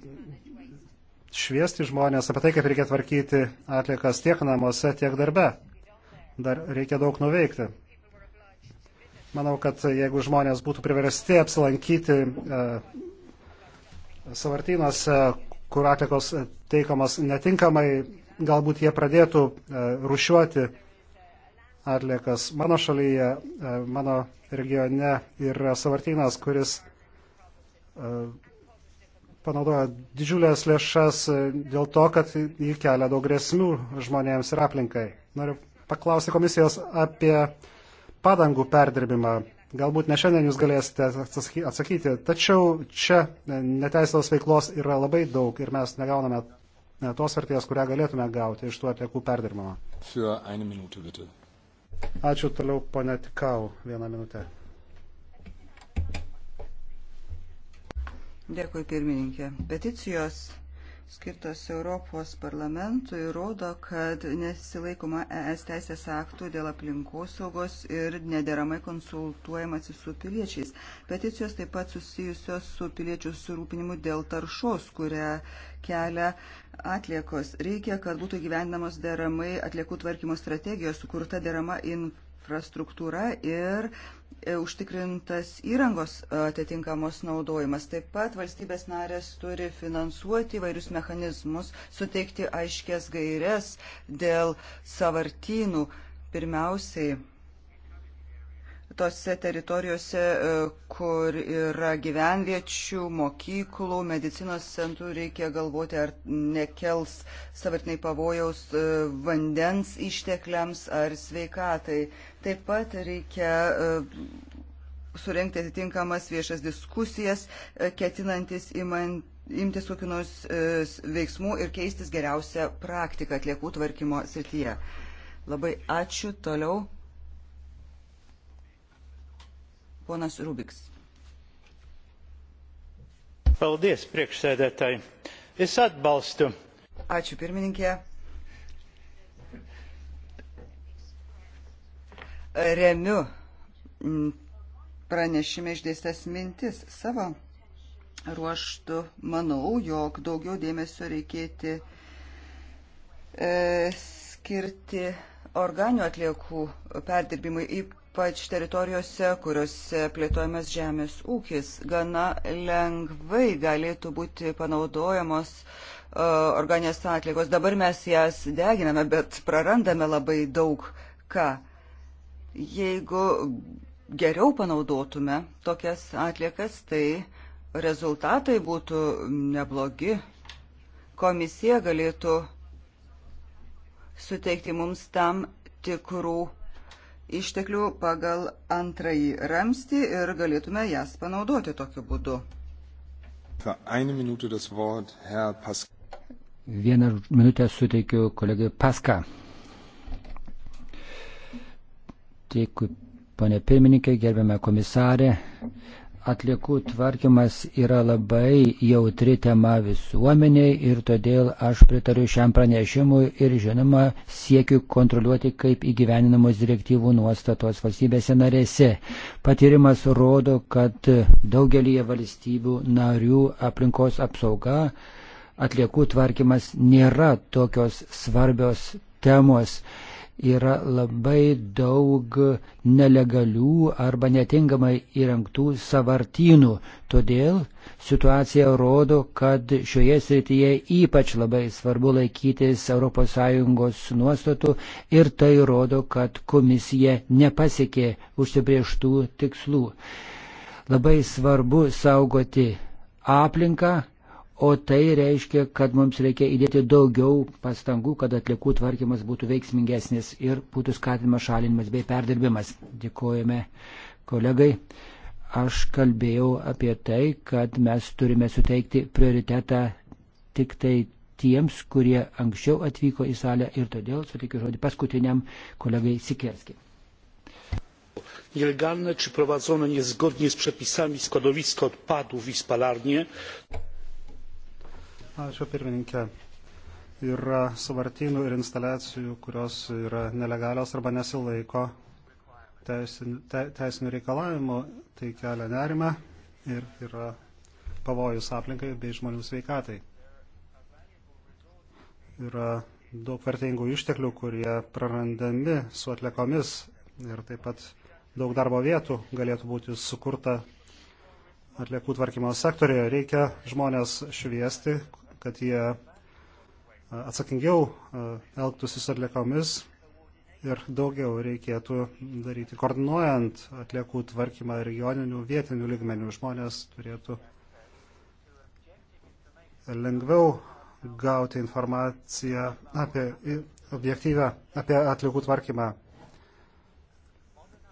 šviesti žmonės apie tai, kaip reikia tvarkyti atliekas tiek namuose, tiek darbe. Dar reikia daug nuveikti. Manau, kad jeigu žmonės būtų priversti apsilankyti e, savartynuose, kur atlikos teikiamas netinkamai, galbūt jie pradėtų e, rušiuoti atlikas. Mano šalyje, e, mano regione yra savartynas, kuris e, panaudoja didžiulės lėšas e, dėl to, kad jį kelia daug grėsmių žmonėms ir aplinkai. Noriu paklausti komisijos apie padangų perdirbimą. Galbūt ne šiandien jūs galėsite atsakyti, tačiau čia e, neteisėtos veiklos yra labai daug ir mes negauname e, tos vertės, kurią galėtume gauti iš tų atliekų perdirbimo. Ačiū toliau, ponė Tikau, vieną minutę. Dėkui, pirmininkė. Peticijos skirtos Europos parlamentui rodo, kad nesilaikoma ES teisės aktų dėl aplinkosaugos ir nederamai konsultuojamasi su piliečiais. Peticijos taip pat susijusios su piliečių surūpinimu dėl taršos, kurią kelia atliekos. Reikia, kad būtų gyvendamos deramai atliekų tvarkymo strategijos, sukurta derama infrastruktūra ir uh, E, užtikrintas įrangos atitinkamos naudojimas. Taip pat valstybės narės turi finansuoti įvairius mechanizmus, suteikti aiškės gairias dėl savartynų. Pirmiausiai tose teritorijose, e, kur yra gyvenviečių, mokyklų, medicinos centrų, reikia galvoti, ar nekels savartiniai pavojaus e, vandens ištekliams ar sveikatai. Taip pat reikia e, surenkti atitinkamas viešas diskusijas, ketinantis įmant imtis kokiu nors veiksmų ir keistis geriausią praktiką atliekų tvarkymo srityje. Labai ačiū. Toliau Ponas Rubiks. Paldies, priekšsēdētāji. Es atbalstu. Ačiū, pirmininkė. Remiu mm, pranešime išdėstas mintis savo ruoštų. Manau, jog daugiau dėmesio reikėti e, skirti organių atliekų perdirbimui, ypač teritorijose, kuriuose plėtojamas žemės ūkis, gana lengvai galėtų būti panaudojamos e, organinės atlikos. Dabar mes jas deginame, bet prarandame labai daug ką. Jeigu geriau panaudotume tokias atliekas, tai rezultatai būtų neblogi. Komisija galėtų suteikti mums tam tikrų išteklių pagal antrąjį ramstį ir galėtume jas panaudoti tokiu būdu. Vieną minutę suteikiu kolegai Paska. Dėkui, ponė pirmininkė, gerbiame komisarė atliekų tvarkymas yra labai jautri tema visuomeniai ir todėl aš pritariu šiam pranešimui ir žinoma siekiu kontroliuoti, kaip įgyveninamos direktyvų nuostatos valstybėse narėse. Patyrimas rodo, kad daugelį valstybių narių aplinkos apsauga atliekų tvarkymas nėra tokios svarbios temos yra labai daug nelegalių arba netinkamai įrengtų savartynų. Todėl situacija rodo, kad šioje srityje ypač labai svarbu laikytis ES nuostatų ir tai rodo, kad komisija nepasiekė užsibrieštų tikslų. Labai svarbu saugoti aplinką O tai reiškia, kad mums reikia įdėti daugiau pastangų, kad atliekų tvarkymas būtų veiksmingesnis ir būtų skatinimas šalinimas bei perdirbimas. Dėkojame kolegai. Aš kalbėjau apie tai, kad mes turime suteikti prioritetą tik tai tiems, kurie anksčiau atvyko į salę ir todėl suteikiu žodį paskutiniam kolegai Sikerski. Nielegalne czy prowadzone niezgodnie z przepisami składowiska odpadów i spalarnie Ačiū pirmininkė. Yra savartynų ir instaliacijų, kurios yra nelegalios arba nesilaiko teisinių, te, teisinių reikalavimų, tai kelia nerima ir yra pavojus aplinkai bei žmonių sveikatai. Yra daug vertingų išteklių, kurie prarandami su atlekomis ir taip pat daug darbo vietų galėtų būti sukurta atliekų tvarkymo sektorėje. Reikia žmonės šviesti, kad jie e, atsakingiau e, elgtųsi su atliekomis ir daugiau reikėtų daryti. Koordinuojant atliekų tvarkymą regioninių, vietinių lygmenių žmonės turėtų lengviau gauti informaciją apie objektyvę, apie atliekų tvarkymą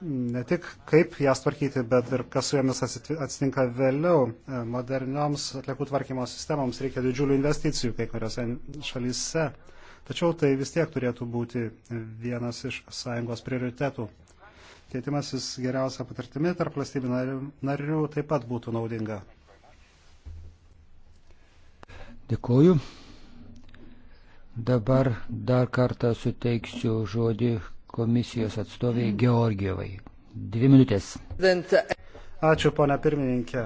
ne tik kaip jas tvarkyti, bet ir kas su jomis atsitinka vėliau. E, modernioms atliekų tvarkymo sistemoms reikia didžiulių investicijų kai kuriuose šalyse. Tačiau tai vis tiek turėtų būti vienas iš sąjungos prioritetų. Keitimasis geriausia patirtimi tarp valstybių narių taip pat būtų naudinga. Dėkuoju. Dabar dar kartą suteiksiu žodį komisijos atstoviai Georgijovai. Dvi minutės. Ačiū, ponia pirmininkė.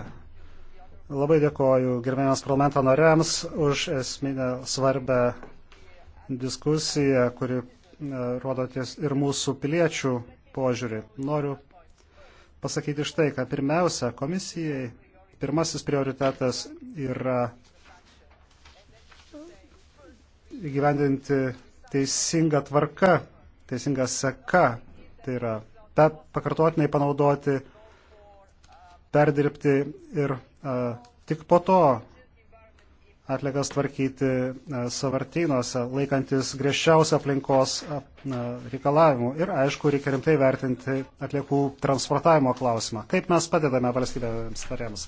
Labai dėkoju gerbėjams parlamento nariams už esminę svarbę diskusiją, kuri e, rodo ties ir mūsų piliečių požiūrį. Noriu pasakyti štai, kad pirmiausia, komisijai pirmasis prioritetas yra įgyvendinti teisingą tvarką teisinga seka. Tai yra pe, pakartotinai panaudoti, perdirbti ir a, tik po to atlikas tvarkyti savartynuose, laikantis griežčiausią aplinkos reikalavimų. Ir aišku, reikia rimtai vertinti atliekų transportavimo klausimą. Kaip mes padedame valstybėms tarėms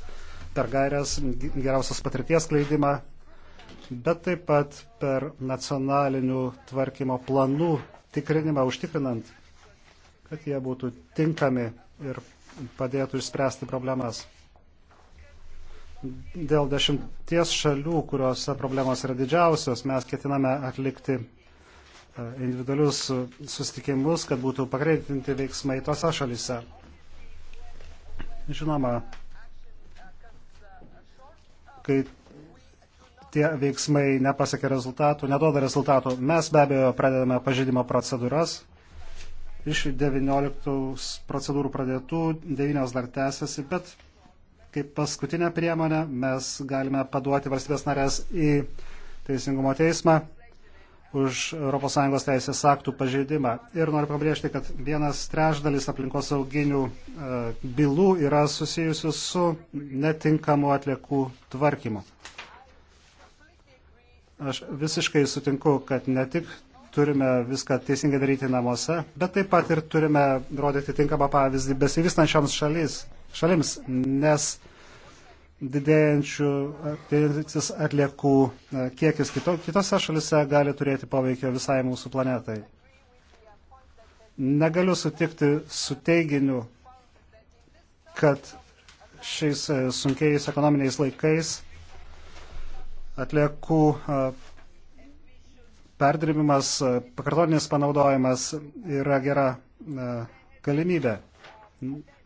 per gairias geriausios patirties kleidimą, bet taip pat per nacionalinių tvarkymo planų tikrinimą užtikrinant, kad jie būtų tinkami ir padėtų išspręsti problemas. Dėl dešimties šalių, kuriuose problemos yra didžiausios, mes ketiname atlikti e, individualius susitikimus, kad būtų pagreitinti veiksmai tose šalyse. Žinoma, kai tie veiksmai nepasiekia rezultatų, neduoda rezultatų, mes be abejo pradedame pažydimo procedūras. Iš 19 procedūrų pradėtų 9 dar tęsiasi, bet kaip paskutinę priemonę mes galime paduoti valstybės narės į Teisingumo teismą už ES teisės aktų pažeidimą. Ir noriu pabrėžti, kad vienas trešdalis aplinkos sauginių e, bylų yra susijusių su netinkamu atliekų tvarkymu. Aš visiškai sutinku, kad ne tik turime viską teisingai daryti namuose, bet taip pat ir turime rodyti tinkamą pavyzdį besivystančioms šalis, šalims, nes didėjantis atliekų e, kiekis kito, kitose šalise gali turėti poveikio visai mūsų planetai. Negaliu sutikti su teiginiu, kad šiais e, sunkiais ekonominiais laikais atliekų perdirbimas, pakartotinis panaudojimas yra gera galimybė.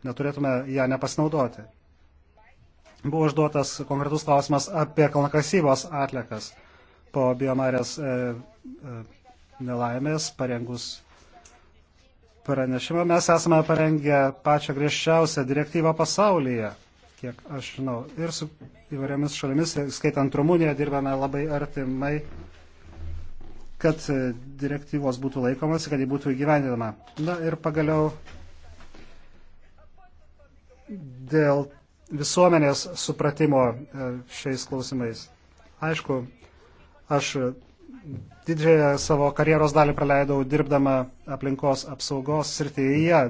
Neturėtume ją nepasinaudoti. Buvo užduotas konkretus klausimas apie kalnakasybos atlikas po biomarės e, e, nelaimės parengus pranešimą. Mes esame parengę pačią griežčiausią direktyvą pasaulyje kiek aš žinau. Ir su įvairiomis šalimis, skaitant Rumuniją, dirbame labai artimai, kad e, direktyvos būtų laikomasi, kad jį būtų įgyvendinama. Na ir pagaliau dėl visuomenės supratimo e, šiais klausimais. Aišku, aš didžiąją savo karjeros dalį praleidau dirbdama aplinkos apsaugos srityje,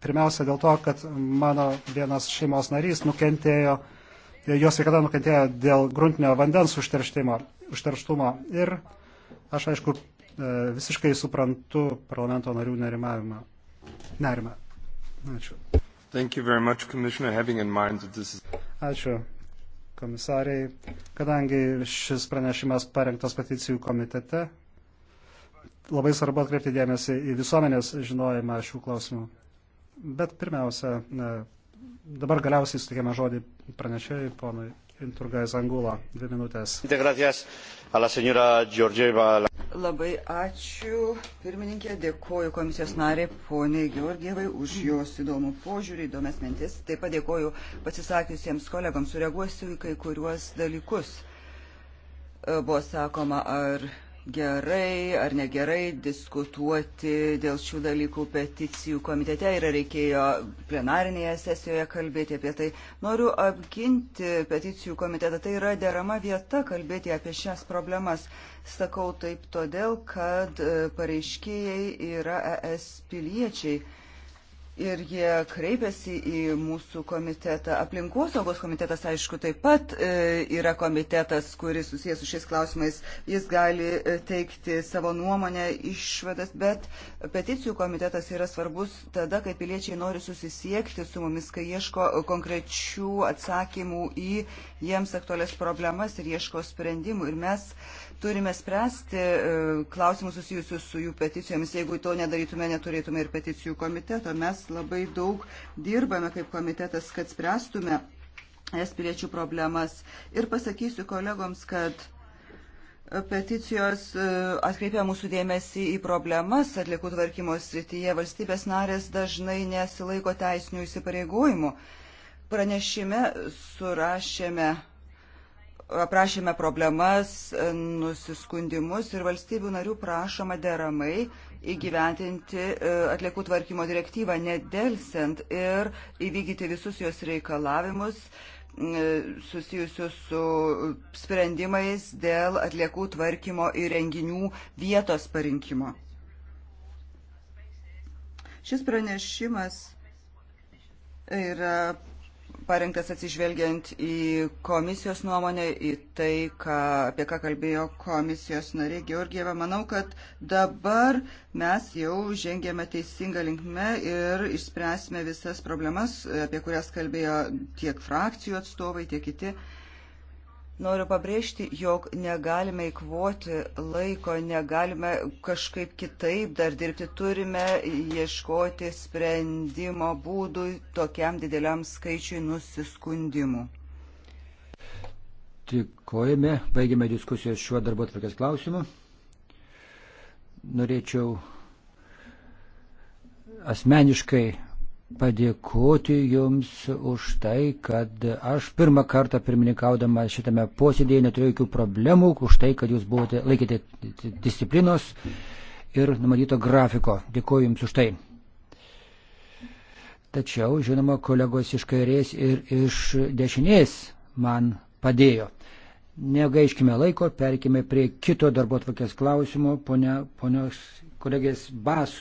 Pirmiausia dėl to, kad mano vienas šeimos narys nukentėjo, jos sveikata nukentėjo dėl gruntinio vandens užterštumo. Ir aš, aišku, e, visiškai suprantu parlamento narių nerimavimą. Nerimą. Ačiū. Much, is... Ačiū, komisariai. Kadangi šis pranešimas parengtas peticijų komitete, labai svarbu atkreipti dėmesį į visuomenės žinojimą šių klausimų. Bet pirmiausia, dabar galiausiai sutikėme žodį pranešėjai ponui Inturgais Angula. Dvi minutės. Labai ačiū. Pirmininkė, dėkoju komisijos nariai poniai Georgievai už jos įdomų požiūrį, įdomias mintis. Taip pat dėkoju pasisakiusiems kolegams, sureaguosiu į kai kuriuos dalykus. E, buvo sakoma, ar gerai ar negerai diskutuoti dėl šių dalykų peticijų komitete ir reikėjo plenarinėje sesijoje kalbėti apie tai. Noriu apginti peticijų komitetą. Tai yra derama vieta kalbėti apie šias problemas. Sakau taip todėl, kad e, pareiškėjai yra ES piliečiai ir jie kreipiasi į mūsų komitetą. Aplinkosaugos komitetas, aišku, taip pat e, yra komitetas, kuris susijęs su šiais klausimais. Jis gali e, teikti savo nuomonę, išvadas, bet peticijų komitetas yra svarbus tada, kai piliečiai nori susisiekti su mumis, kai ieško konkrečių atsakymų į jiems aktualias problemas ir ieško sprendimų. Ir mes turime spręsti e, klausimus susijusius su jų peticijomis. Jeigu to nedarytume, neturėtume ir peticijų komiteto. Mes labai daug dirbame kaip komitetas, kad spręstume es piliečių problemas. Ir pasakysiu kolegoms, kad peticijos e, atkreipia mūsų dėmesį į problemas atliekų tvarkymo srityje. Valstybės narės dažnai nesilaiko teisinių įsipareigojimų. Pranešime surašėme aprašėme problemas, nusiskundimus ir valstybių narių prašoma deramai įgyventinti e, atliekų tvarkymo direktyvą nedelsiant ir įvykdyti visus jos reikalavimus e, susijusius su sprendimais dėl atliekų tvarkymo įrenginių vietos parinkimo. Šis pranešimas yra parengtas atsižvelgiant į komisijos nuomonę, į tai, ką, apie ką kalbėjo komisijos narė Georgieva. Manau, kad dabar mes jau žengėme teisingą linkmę ir išspręsime visas problemas, apie kurias kalbėjo tiek frakcijų atstovai, tiek kiti. Uh, Noriu pabrėžti, jog negalime įkvoti laiko, negalime kažkaip kitaip dar dirbti, turime ieškoti sprendimo būdų tokiam dideliam skaičiui nusiskundimų. Tikojame, baigiame diskusijas šiuo darbo atvarkės klausimu. Norėčiau asmeniškai padėkoti Jums už tai, kad aš pirmą kartą pirmininkaudama šitame posėdėje neturėjau jokių problemų, už tai, kad Jūs buvote laikėte disciplinos ir numatyto grafiko. Dėkuoju Jums už tai. Tačiau, žinoma, kolegos iš kairės ir iš dešinės man padėjo. Negaiškime laiko, perkime prie kito darbo atvarkės klausimo, ponia, ponios kolegės Bastų.